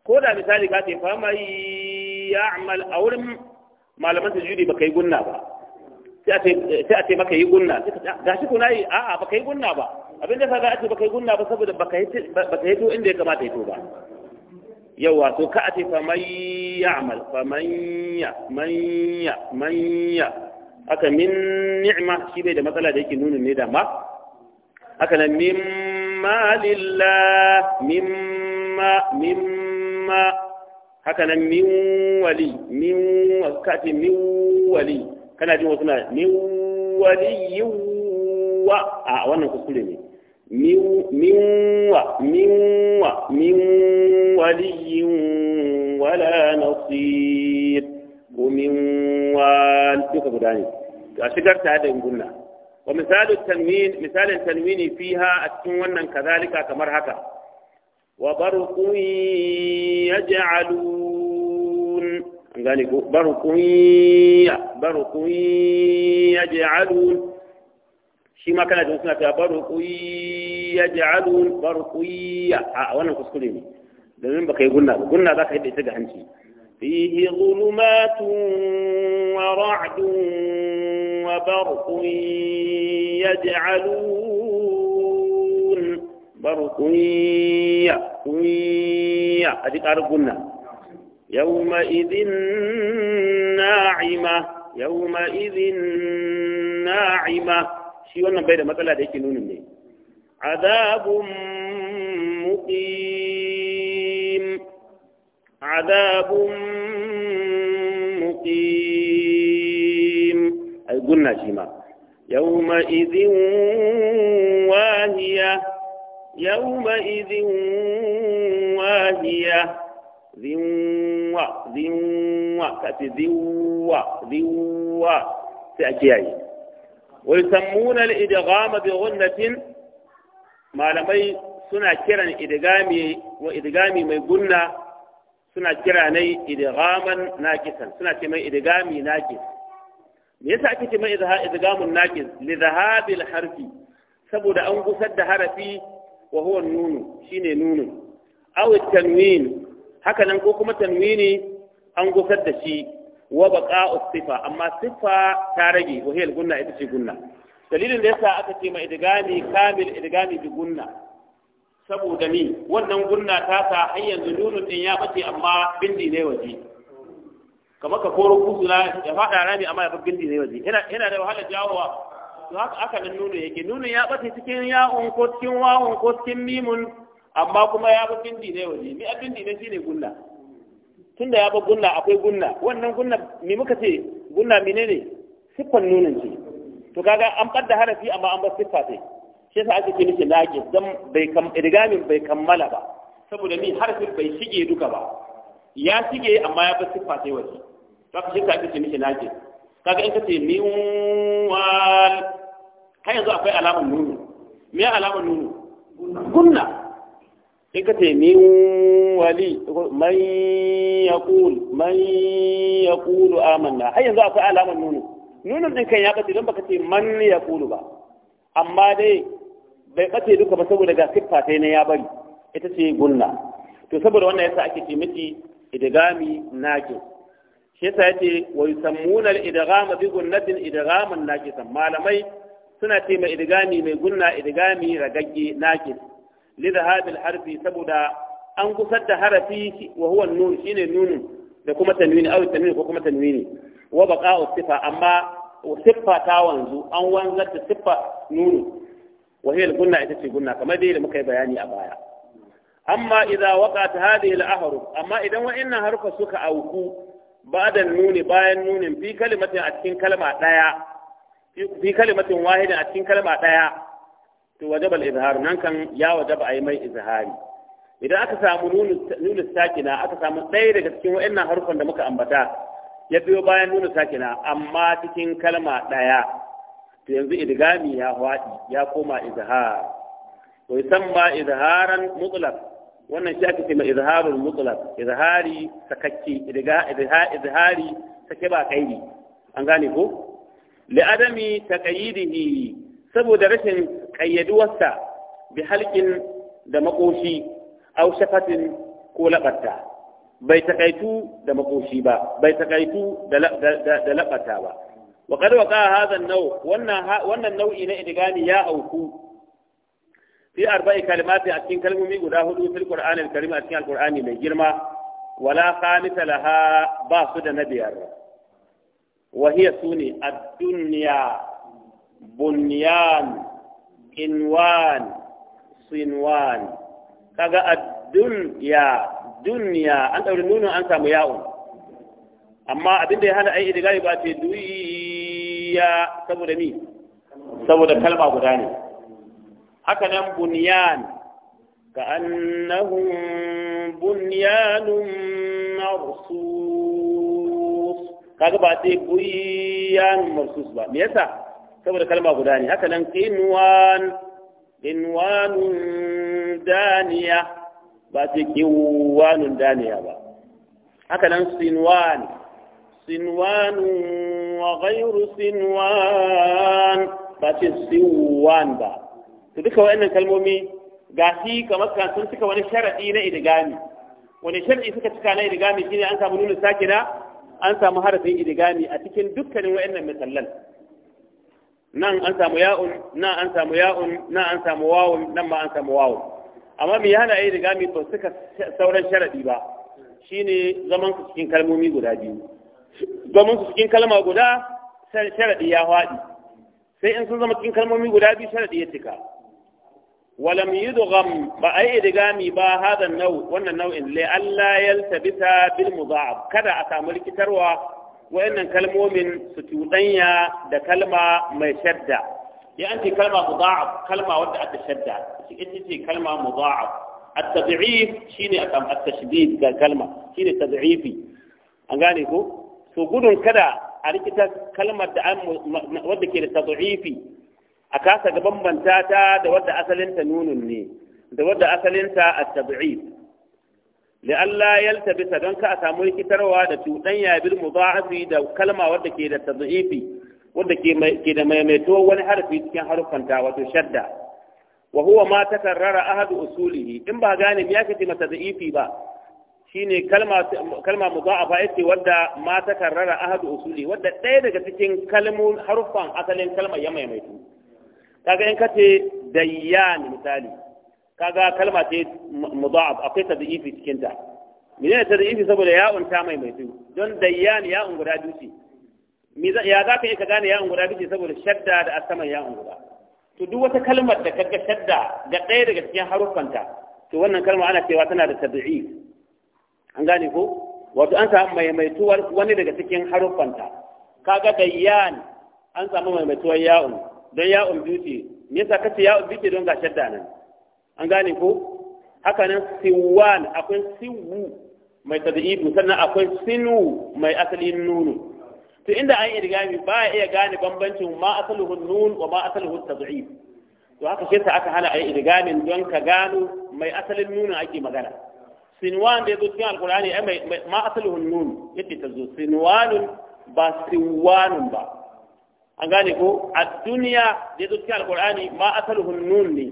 ko da misali ka ce fama ya amal a wurin malaman ta juri baka yi gunna ba sai a ce baka yi gunna ga shi kuna yi a'a baka yi gunna ba abin da sa ce baka yi gunna ba saboda baka yi to inda ya kamata ya to ba yawa to ka a ce yi ya amal fama ya manya, ya manya. haka min ni'ma shi bai da matsala da yake nunin ne da ma haka nan mimma lillah mimma mimma haka nan min wali min wakati min wali kana jin wasu na min wali wa a wannan kuskure ne min wa min wa min waliyin wala nasir ko min duka guda ne a shigar tare da gunna wa misalin tanwin misalin tanwini fiha a cikin wannan kazalika kamar haka wa barqun yaj'alun an gane ko barqun ya barqun yaj'alun shi ma kana jin suna a wannan kuskure ne domin baka yi gunna gunna zaka yi da hanci فيه ظلمات ورعد وبرق يجعلون برق يأكوية هذه قلنا يومئذ ناعمة يومئذ ناعمة شو بين مثلا هيك نوني عذاب مقيم عذاب مقيم أي قلنا شيما يومئذ واهية يومئذ واهية ذنوة ذنوة كأتي ذنوة ذنوة تأكيعي ويسمون الإدغام بغنة ما لمي سنة كرا إدغامي وإدغامي ما يقولنا suna kira ne idgaman naqisan suna ce mai idgami naqis me yasa ake ce mai idgamun naqis li harfi saboda an gusar da harafi wa huwa nunu shine nunu aw tanwin haka nan ko kuma tanwini an gusar da shi wa sifa amma sifa ta rage wa hiya gunna ita ce gunna dalilin da yasa aka ce mai idgami kamil idgami bi gunna saboda ni wannan gunna ta sa har yanzu nunun din ya bace amma bindi ne waje kamar ka koro kusura ya fada rami amma ya bindi ne waje yana ina da wahala jawowa to haka aka nan nuno yake nuno ya bace cikin ya'un ko cikin wawun ko cikin mimun amma kuma ya fi bindi ne waje ni a bindi ne shine gunna tunda ya bi gunna akwai gunna wannan gunna me muka ce gunna menene siffan nunan ce to kaga an kaddara harafi amma an bar siffa sai shi sa aka ce mishi naqis dan bai kam idgamin bai kammala ba saboda ni harfin bai shige duka ba ya shige amma ya bar siffa sai waje to aka shi aka ce mishi naqis kaga in ka ce min wal har yanzu akwai alamar nunu me alamar nunu gunna in ka ce min wali man yaqul man yaqulu amanna ai yanzu akwai alamar nunu nunun din kan ya bace don baka ce man yaqulu ba amma dai bai kace duka ba saboda ga siffa ta ya bari ita ce gunna to saboda wannan yasa ake ce miki idgami naqis shi yasa yace wa yusammuna al-idghama bi gunnatin idghaman naqisan malamai suna ce mai idgami mai gunna idgami ragagge naki li dhahabil harfi saboda an gusar da harafi wa huwa nun shine nun da kuma tanwini aw tanwini ko kuma tanwini wa baqa'u sifa amma siffa ta wanzu an wanzar da siffa nunu wahiyar gunna ita ce gunna kamar dai da muka yi bayani a baya amma idza waqat hadhihi al-ahruf amma idan wa'annan harufa suka auku ba'da nuni bayan nunin fi kalimatin a cikin kalma daya fi kalimatin wahidin a cikin kalma daya to wajaba al-izhar nan kan ya wajaba ayi mai izhari idan aka samu nunu sakina aka samu ɗaya daga cikin wa'annan harufan da muka ambata ya biyo bayan nunu sakina amma cikin kalma daya yanzu idgami ya haɗi, ya koma izhar to ba izharan mutlaq wannan shi ake cewa izharul mutlaq izhari sakakki idga izhari sake ba kaidi an gane ko li adami taqayidihi saboda rashin qayyaduwarsa bi halqin da makoshi aw shafatin ko labatta bai takaitu da makoshi ba bai takaitu da laɓata ba wa qad a hadha an wannan nau'i na idgami ya auku fi arba'i kalimat a cikin kalmomi guda hudu fil qur'an al a cikin al mai girma wala khamisa laha ba su da na biyar wa hiya suni ad-dunya bunyan kaga ad-dunya an daure nuno an samu ya'u amma abinda ya hana ai idgami ba ce duyi ya saboda mi saboda kalma guda ne haka nan bunyan ka annahum bunyanun marsus kaga ba sai bunyan marsus ba me yasa saboda kalma guda ne haka nan kinwan qinwanun daniya ba sai qinwanun daniya ba haka nan sinwan sinwanun غير سنوان باتي سنوان با تدك وإن كلمومي قاسي كما كان سنسك وانا شرعي نا إدقامي وانا شرعي سكا تكانا إدقامي شيني أنسى منون ساكنا أنسى مهارة إدقامي أتكين دكا وإن مثلل nan an مياء ya'un nan مياء samu ya'un مواو an samu wawun nan ma an samu wawun amma me hana yi riga mi to suka sauran sharadi ba domin su cikin kalma guda sharadi ya haɗi sai in sun zama cikin kalmomi guda biyu sharadi ya cika walam yudgham ba a ai idgami ba hada nau wannan nau'in la alla yaltabita bil mudha'ab kada a samu rikitarwa wayannan kalmomin su tudanya da kalma mai shadda ya an ce kalma mudha'ab kalma wadda aka shadda shi ita ce kalma mudha'ab التضعيف شيني التشديد كالكلمة شيني تضعيفي أنقاني كو to gudun kada a rikita kalmar da wadda ke da tad'ifi a kasa ga bambanta ta da wadda asalinta nunun ne da wadda asalinta at-tad'if li'alla yaltabisa don ka a samu rikitarwa da cuɗanya bil mudha'afi da kalma wadda ke da tad'ifi wadda ke da maimaito wani harfi cikin haruffanta wato shadda wa huwa ma takarrara ahadu usulihi in ba gane me yake ce mata ba shine kalma kalma mudha'afa yace wadda ma karrara ahadu usuli wadda ɗaya daga cikin kalmun harfan asalin kalma ya maimaitu kaga in kace dayyan misali kaga kalma ce muza'af akwai tad'ifi cikin ta menene tad'ifi saboda mai mai maimaitu don dayyan ya'un guda biyu ce ya za ka yi ka gane ya unguda biyu saboda shadda da asaman ya unguda to duk wata kalmar da kaga shadda ga ɗaya daga cikin haruffanta to wannan kalma ana cewa tana da tabi'i an gane ko wato an samu maimaituwar wani daga cikin haruffanta kaga yan an samu maimaituwar ya'un don ya'un biyu ce me yasa kace ya'un biyu don ga shadda nan an gane ko haka nan siwan akwai siwu mai tad'ibu sannan akwai sinu mai asalin nunu to inda an irgami ba ya iya gane bambancin ma asaluhu nun wa ma asaluhu tad'ib to haka shi aka hana ayi irgamin don ka gano mai asalin nunu ake magana sinwan da ya zo cikin alkur'ani ai ma asaluhun nun yadda ta zo sinwanun ba sinwanun ba an gane ko a duniya da ya zo cikin alkur'ani ma asaluhun nun ne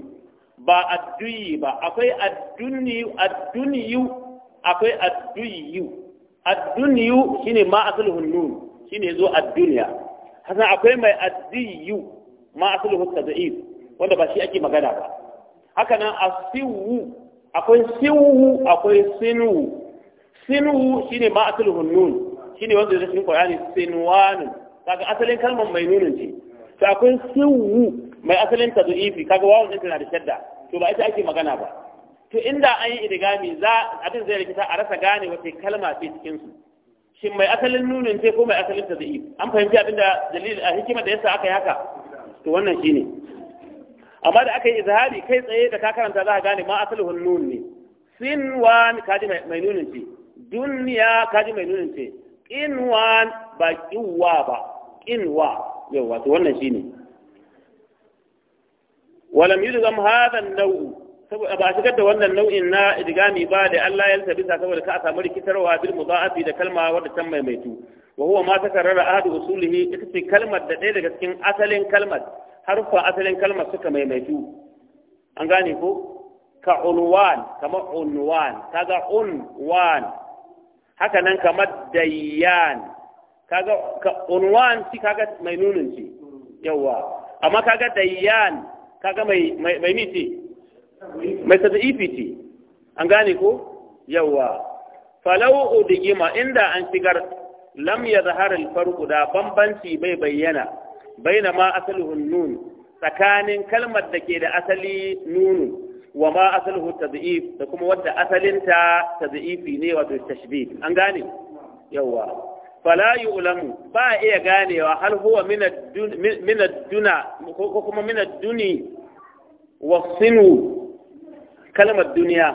ba adduyi ba akwai adduniyu adduniyu akwai adduniyu adduniyu shine ma asaluhun nun shine zo duniya hasan akwai mai addiyu ma asaluhun taza'ir wanda ba shi ake magana ba haka nan asiwu akwai sinuhu akwai sinuhu sinuhu shine ma asalin hunnun shine wanda zai cikin qur'ani sinwanu kaga asalin kalmar mai nunun ce to akwai sinuhu mai asalin tad'ifi kaga wawan din tana da shadda to ba ita ake magana ba to inda an yi idigami za abin zai rikita a rasa gane wace kalma ce cikin su shin mai asalin nunin ce ko mai asalin tad'if an fahimci abinda dalil a hikimar da yasa aka yi haka to wannan shine amma da aka yi izhari kai tsaye da ka karanta za ka gane ma asaluhun nun ne Sin wan kaji mai nunin ce duniya kaji mai nunin ce wan ba kiwa ba wa yau wato wannan shine walam yudgam hadha an-naw'u saboda ba shigar da wannan nau'in na idgami ba da Allah ya bisa saboda ka samu rikitarwa bil muza'afi da kalma wadda tan maimaitu wa huwa ma takarrara ahadu usulihi ita ce kalmar da ɗaya daga cikin asalin kalmar harfa asalin kalmar suka maimaitu an gane ko ka unwan kama unwan kaga unwan haka nan kama dayyan kaga ka unwan shi kaga mai nunin shi yawa amma kaga dayyan kaga mai mai miti mai tad'ifi ce an gane ko yawa falau udigima inda an shigar lam yadhhar al farqu da bambanci bai bayyana baina ma asaluhu nun tsakanin kalmar da ke da asali nunu wa ma asaluhu tad'if da kuma wadda asalinta tad'ifi ne wato tashbih an gane yawa fala ba iya ganewa hal huwa min ad-duna ko kuma min wa kalmar duniya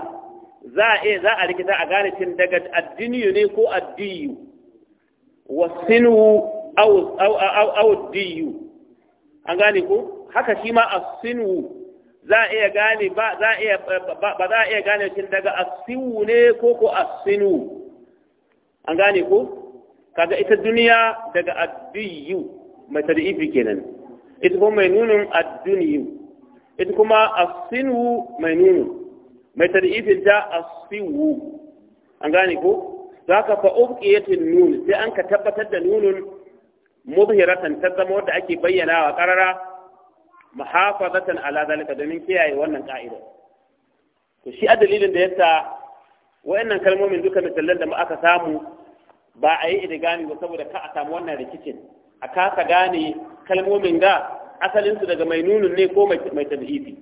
za a iya za a rikita a gane cin daga addini ne ko addiyu wa aw diyu an gane ko haka shi ma asinu za a iya gane ba za a iya ba za a iya gane shi daga asinu ne ko ko asinu an gane ko kaga ita duniya daga addiyu mai tarifi kenan ita kuma mai nunin adduniyu ita kuma asinu mai nunin mai tarifin ta asinu an gane ko za ka fa uqiyatin nun sai an ka tabbatar da nunun mubhiratan ta zama wadda ake bayyana wa karara muhafazatan ala zalika domin kiyaye wannan ka'ida to shi a dalilin da yasa wayannan kalmomin duka misalan da aka samu ba a yi idigami ba saboda ka a samu wannan rikicin a kasa gane kalmomin ga asalin su daga mai nunun ne ko mai tadhifi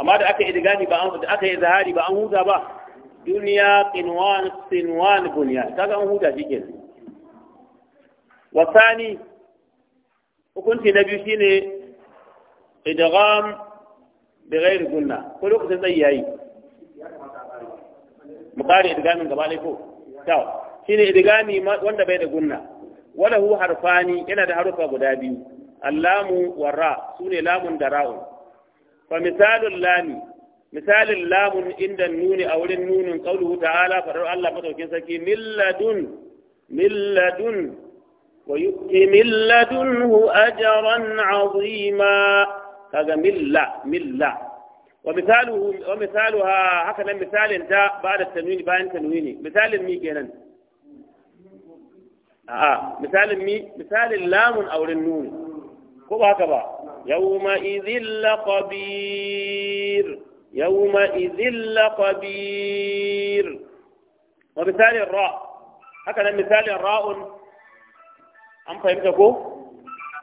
amma da aka idigami ba an da aka yi zahari ba an huta ba duniya qinwan sinwan bunya kaga an huta shikenan wasani hukunci na biyu shine idgham bi ghairi gunna ko lokacin zai yayi mukari kare idgamin gaba ɗaya ko to shine idgami wanda bai da gunna wala hu harfani yana da harufa guda biyu allamu wa ra sune lamun da ra'un fa misalul lami misalin lamun inda nuni a wurin nunin qauluhu ta'ala farar Allah madaukin sarki milladun milladun ويؤتي من لدنه أجرا عظيما هذا ملة ملة ومثاله ومثالها هكذا مثال جاء بعد التنوين بعد التنوين مثال مي كينان آه مثال مي مثال اللام أو النون كو هكذا يومئذ لقبير يومئذ لقبير ومثال الراء هكذا مثال راء an fahimta ko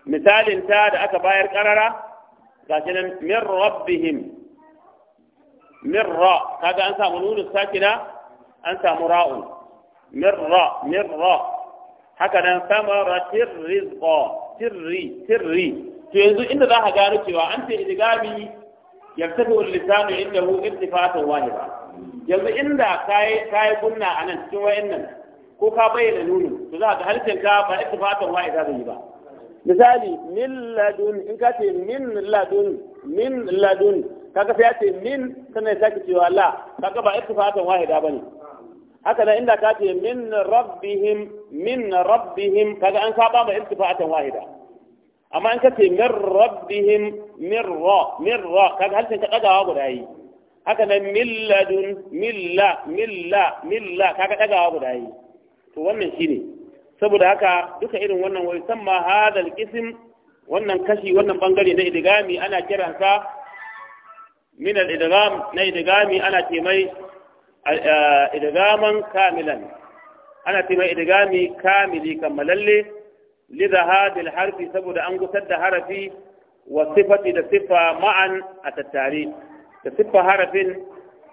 misalin ta da aka bayar karara shi nan min rabbihim min ra kaga an samu nunu sakina an samu ra'u, min ra min ra haka nan samaratir rizqa tirri tirri to yanzu inda za ka gano cewa an ce idgami yartafi lisanu indahu irtifatan wahiba yanzu inda kai kai kunna anan cikin wayannan ko ka bayyana nuni to za ga harshen ka ba ittifaqan wa idan zai ba misali min ladun in ka ce min ladun min ladun kaga sai ya ce min sannan ya ce cewa la kaga ba ittifaqan wa idan bane haka nan inda ka ce min rabbihim min rabbihim kaga an saba ma ittifaqan wahida amma in ka ce min rabbihim min ra min ra kaga harshen ka dagawa guda yi haka nan milladun milla milla milla kaga dagawa guda yi to wannan shine saboda haka duka irin wannan wai samma hadal ism wannan kashi wannan bangare na idgami ana kiransa min al idgam na idgami ana ce mai idgaman kamilan ana ce mai idgami kamili kammalalle lida hadil harfi saboda an gusar da harafi wa sifati da sifa ma'an a tattare da sifa harafin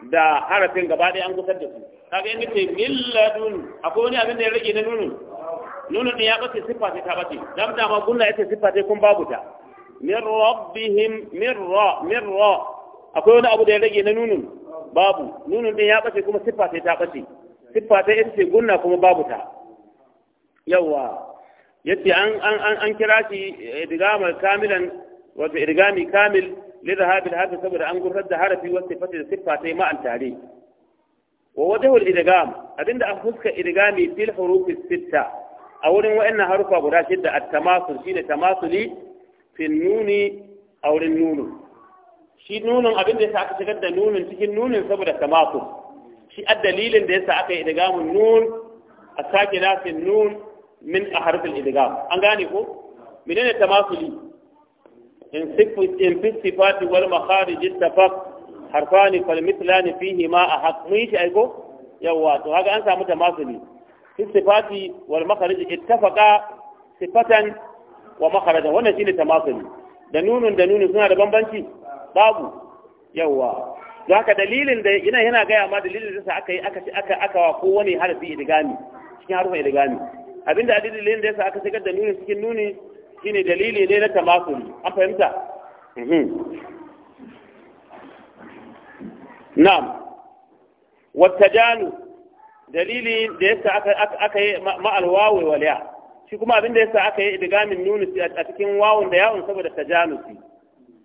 da harafin gaba ɗaya an gusar da su kaga in ce milladun akwai wani abin da ya rage na nunun nunun ne ya bace siffa ta bace dan da ma ya ce siffa ta kun babu ta min rabbihim min ra min ra akwai wani abu da ya rage na nunun babu nunun ne ya ɓace kuma siffa ta bace siffa ta ce gunna kuma babu ta yawa yace an an kira shi eh, idgamar kamilan wato idgami kamil لذهاب الهاب الصبر أنقر رد هارفي والصفات الصفاتي ما أنت عليه ووجه الإدغام أبند أخذك إدغامي في الحروف الستة أولا وإن حروف أبو راشد التماثل شين تماثلي في النون أو النون شين نون أبند ساعك شغد نون شين نون صبر التماثل شي الدليل أن ساعك إدغام النون الساكنة في النون من أحرف الإدغام أنقاني هو من أين التماثلي in fi sifati wal makharij ittafaq harfani fal mithlan fihi ma ahaq mun shi aiko yawa to haka an samu tamasuli fi sifati wal makharij ittafaqa sifatan wa makharajan wannan shine tamasuli da nunun da nunun suna da bambanci babu yawa don haka dalilin da ina yana gaya ma dalilin da aka yi aka aka aka wa kowane harfi idgami cikin harfin idgami abinda dalilin da yasa aka shigar da nuni cikin nuni shine dalili ne na tamasuli an fahimta mhm. na'am janu dalili da yasa aka aka yi ma'al wawi wal shi kuma abin da yasa aka yi idgamin nunu a cikin wawon da yawon saboda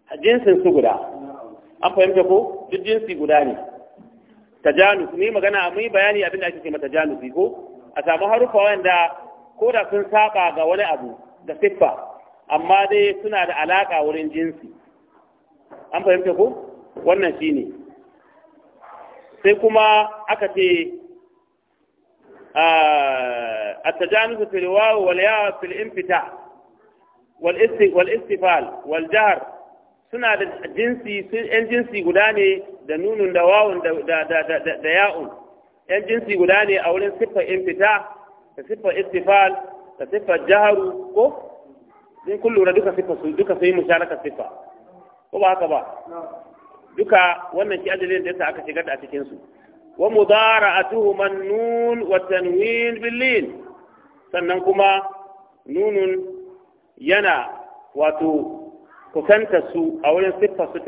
A jinsin su guda an fahimta ko duk jinsi guda ne tajanus ni magana mun yi bayani abin da ake ce mata tajanusi ko a samu harufa wanda ko da sun saba ga wani abu da siffa amma dai suna da alaka wurin jinsi an fahimta ko wannan shi ne sai kuma aka ce a التجانس في الواو fita wal الانفتاح wal jihar suna da jinsi yan jinsi guda ne da nunun da wawon da ya'un yan jinsi guda ne a wurin siffar fita da siffar istifal da siffa jaharu ko din kun lura duka siffa su duka sai musharaka siffa ko ba haka ba duka wannan shi ajalin da yasa aka shigar da a cikin su wa mudara'atuhu man nun wa tanwin bil lin sannan kuma nunun yana wato kusanta su a wurin siffa su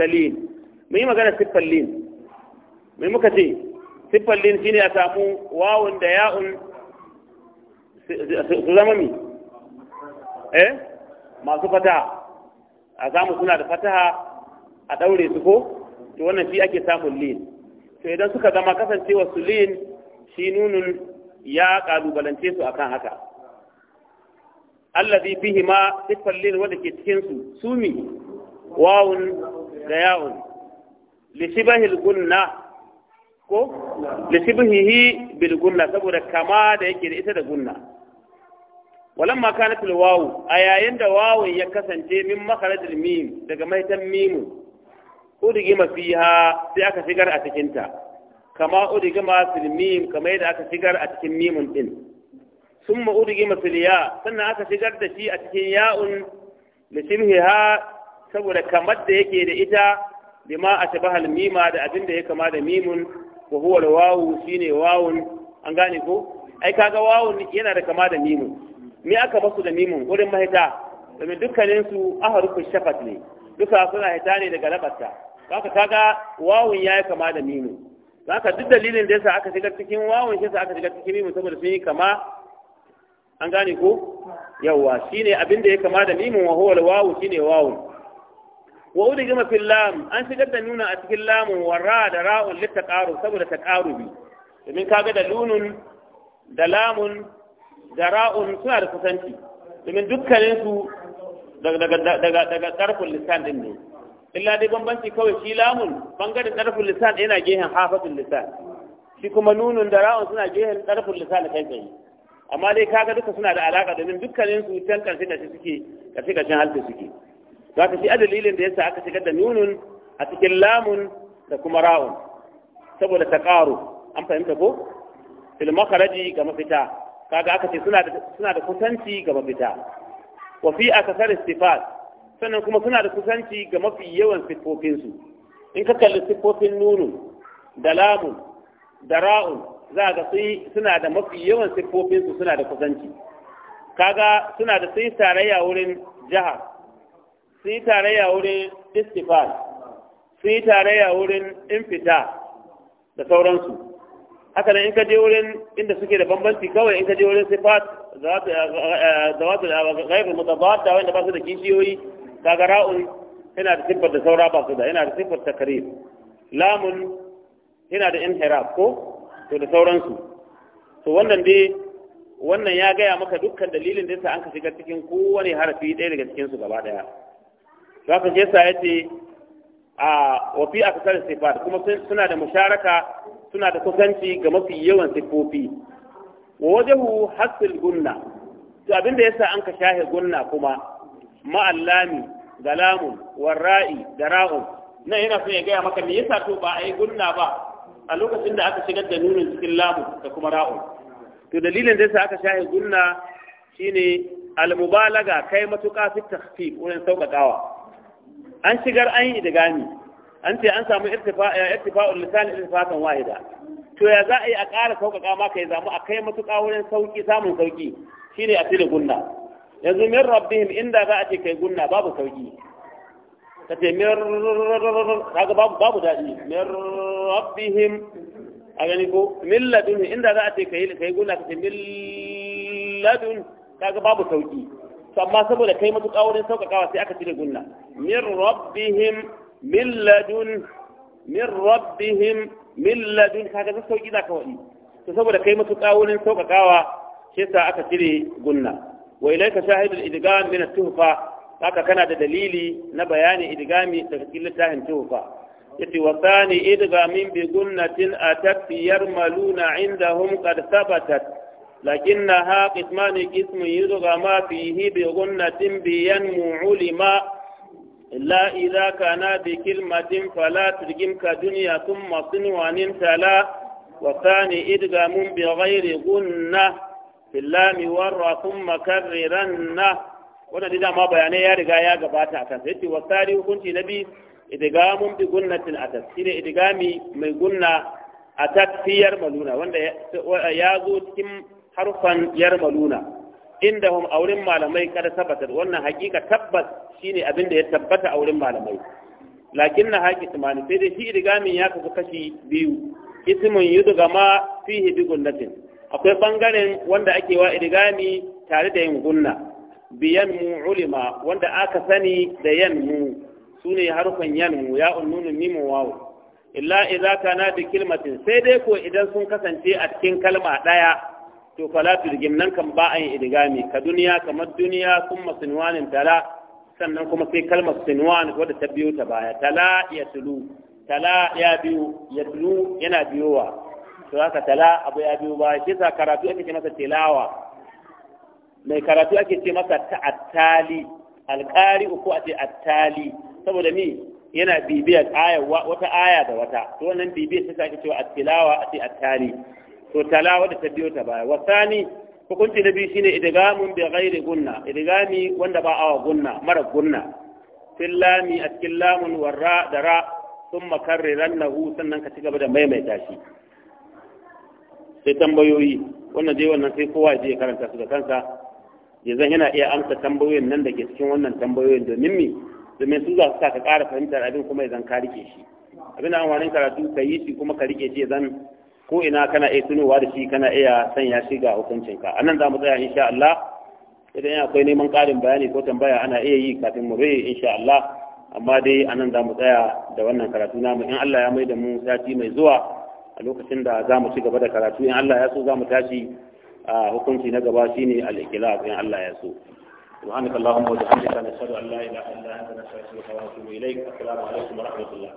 mu yi magana siffar lin mai muka ce siffar lin shine a samu wawun da ya'un su zama mi eh masu fataha a zamu suna da fataha a ɗaure su ko to wannan shi ake samun lin to idan suka zama kasancewa su lin shi nunun ya kalubalance su akan haka allazi fihi ma sifar lin wanda ke cikin su sumi wawun da yawun li shibahil gunna ko lisibhihi bil gunna saboda kama da yake da ita da gunna walamma kanat al wawu a da wawun ya kasance min makharajil mim daga maitan mimu udigima fiha sai aka shigar a cikin ta kama udigima fil mim kama yadda aka shigar a cikin mimun din summa udigima fil ya sannan aka shigar da shi a cikin ya'un lisibhiha saboda kamar da yake da ita bima asbaha al mima da abin da ya kama da mimun ko huwa wawu shine wawun an gane ko ai kaga wawun yana da kama da mimun me aka basu da mimun wurin mahita domin dukkanin su aharufu shafat ne duka suna hita ne daga labarta zaka kaga wawun yayi kama da mimun zaka duk dalilin da yasa aka shiga cikin wawun shi yasa aka shiga cikin mimun saboda sun yi kama an gane ko yawa shine abin da ya kama da mimun wa huwa wawu shine wawun wa udghima fil lam an shigar da nuna a cikin lamun wa ra da ra'un lit taqarub saboda taqarubi domin kaga da nunun da lamun da ra'un suna da kusanci domin dukkanin su daga daga daga daga lisan din ne illa dai bambanci kawai shi lamun bangaren tarful lisan yana gehen hafatul lisan shi kuma nunun da ra'un suna gehen tarful lisan kai tsaye amma dai kaga duka suna da alaka domin dukkanin su can karshe da suke karshe karshen halta suke za ta shi adalilin da yasa aka shigar da nunun a cikin lamun da kuma ra'un saboda ta ƙaru an fahimta ko fil makharaji ga mafita kaga aka ce suna da suna da kusanci ga mafita wa fi akasar istifat sannan kuma suna da kusanci ga mafi yawan siffofinsu. su in ka kalli siffofin nunun da lamun da ra'un za ga suna da mafi yawan siffofinsu, su suna da kusanci kaga suna da sai tarayya wurin jihar su yi tarayya wurin istifal su yi tarayya wurin infita da sauransu haka nan in ka je wurin inda suke da bambanci kawai in ka je wurin sifat zawatu eh, eh, eh, ghairu mutabadda wanda ba su da kishiyoyi kaga ra'un yana da siffar da saura ba su da yana da siffar takrir lamun yana da inhiraf ko to da sauransu to wannan dai wannan ya gaya maka dukkan dalilin da yasa an ka shiga cikin kowane harafi ɗaya daga cikin su gaba ɗaya za ka sa ya ce a wafi a kasar sifat kuma suna da musharaka suna da kusanci ga mafi yawan sifofi wa wajahu hasil gunna to abinda yasa an ka shahe gunna kuma ma'allami galamun warra'i da ra'un nan yana so ya gaya maka me yasa to ba a yi gunna ba a lokacin da aka shigar da nunin cikin lamu da kuma ra'un to dalilin da yasa aka shahe gunna shine al-mubalaga kai matuƙa fi tahqiq wurin sauƙaƙawa an shigar an yi idgami an ce an samu eh, irtifa'ul lisan irtifatan wahida to ya za a yi a ƙara sauƙaƙa ka yi zamu a kai matuƙa wurin sauƙi samun sauƙi shine a cire gunna yanzu min rabbihim inda za a ce kai gunna babu sauƙi ta ce min kaga babu babu daɗi min rabbihim a gani ko min ladun inda za a ce kai gunna ta ce min ladun kaga babu sauƙi amma saboda kai matuƙa wurin sauƙaƙawa sai aka cire gunna min rabbihim min ladun min rabbihim min ladun kaga da sauƙi za ka waɗi to saboda kai matuƙa wurin sauƙaƙawa shi sa aka cire gunna wa ilaika shahidul idgam min at-tuhfa haka kana da dalili na bayani idgami daga cikin littafin tuhfa yace wa thani idgamin bi gunnatin atat yarmaluna indahum qad sabatat. لكنها قسمان قسم يلغى ما فيه بغنة بينمو علما إلا إذا كان بكلمة فلا ترجم كدنيا ثم صنوان تلا وثاني إدغام بغير غنة في اللام ور ثم كررنة wannan dida ma bayanai ya riga ya gabata akan sai ce wasari hukunci na bi idgamun bi gunnatin atas shine idgami mai gunna a tafiyar maluna wanda ya zo cikin harfan yarmaluna inda a wurin malamai kada tabbatar wannan hakika tabbas shine abin da ya tabbata a wurin malamai lakin na haƙi tumani sai dai shi idgamin ya kasu kashi biyu ismun yudgama ma fihi bi gunnatin akwai bangaren wanda ake wa idgami tare da yin gunna biyan mu ulima wanda aka sani da yan mu sune harfan yan mu ya unnunu mimu wawo illa idza kana bi kilmatin sai dai ko idan sun kasance a cikin kalma ɗaya. to fala turgim nan kan ba a yin idigami ka duniya kamar duniya kuma sinwanin tala sannan kuma sai kalmar sinwan wadda ta biyo ta baya tala ya tulu tala ya biyo ya tulu yana biyowa to haka tala abu ya biyo ba shi sa karatu ake ce masa tilawa mai karatu ake ce masa ta'attali alƙari uku a ce attali saboda ni yana bibiyar aya wata aya da wata to wannan bibiyar ta sake cewa attilawa a ce attali to tala wadda ta biyo ta baya wasani hukunci na biyu shine idgamun bi ghairi gunna idgami wanda ba awa gunna mara gunna fillami lami warra da ra thumma karrirannahu sannan ka cigaba da maimaita shi sai tambayoyi wannan dai wannan sai kowa ya karanta su da kansa Zan yana iya amsa tambayoyin nan da ke cikin wannan tambayoyin domin mi domin su za su sa ka ƙara fahimtar abin kuma ya zan ka rike shi abin da wani karatu ka yi shi kuma ka rike shi ya zan ko ina kana iya tunowa da shi kana iya sanya shi ga hukuncinka a nan za mu tsaya insha Allah idan akwai neman ƙarin bayani ko tambaya ana iya yi kafin mu rai insha Allah amma dai a nan za mu tsaya da wannan karatu namu in Allah ya mai da mu sati mai zuwa a lokacin da za mu ci gaba da karatu in Allah ya so za mu tashi a hukunci na gaba shine al-ikhlas in Allah ya so سبحانك اللهم وبحمدك نشهد ان لا اله الا انت نستغفرك ونتوب اليك السلام عليكم ورحمه الله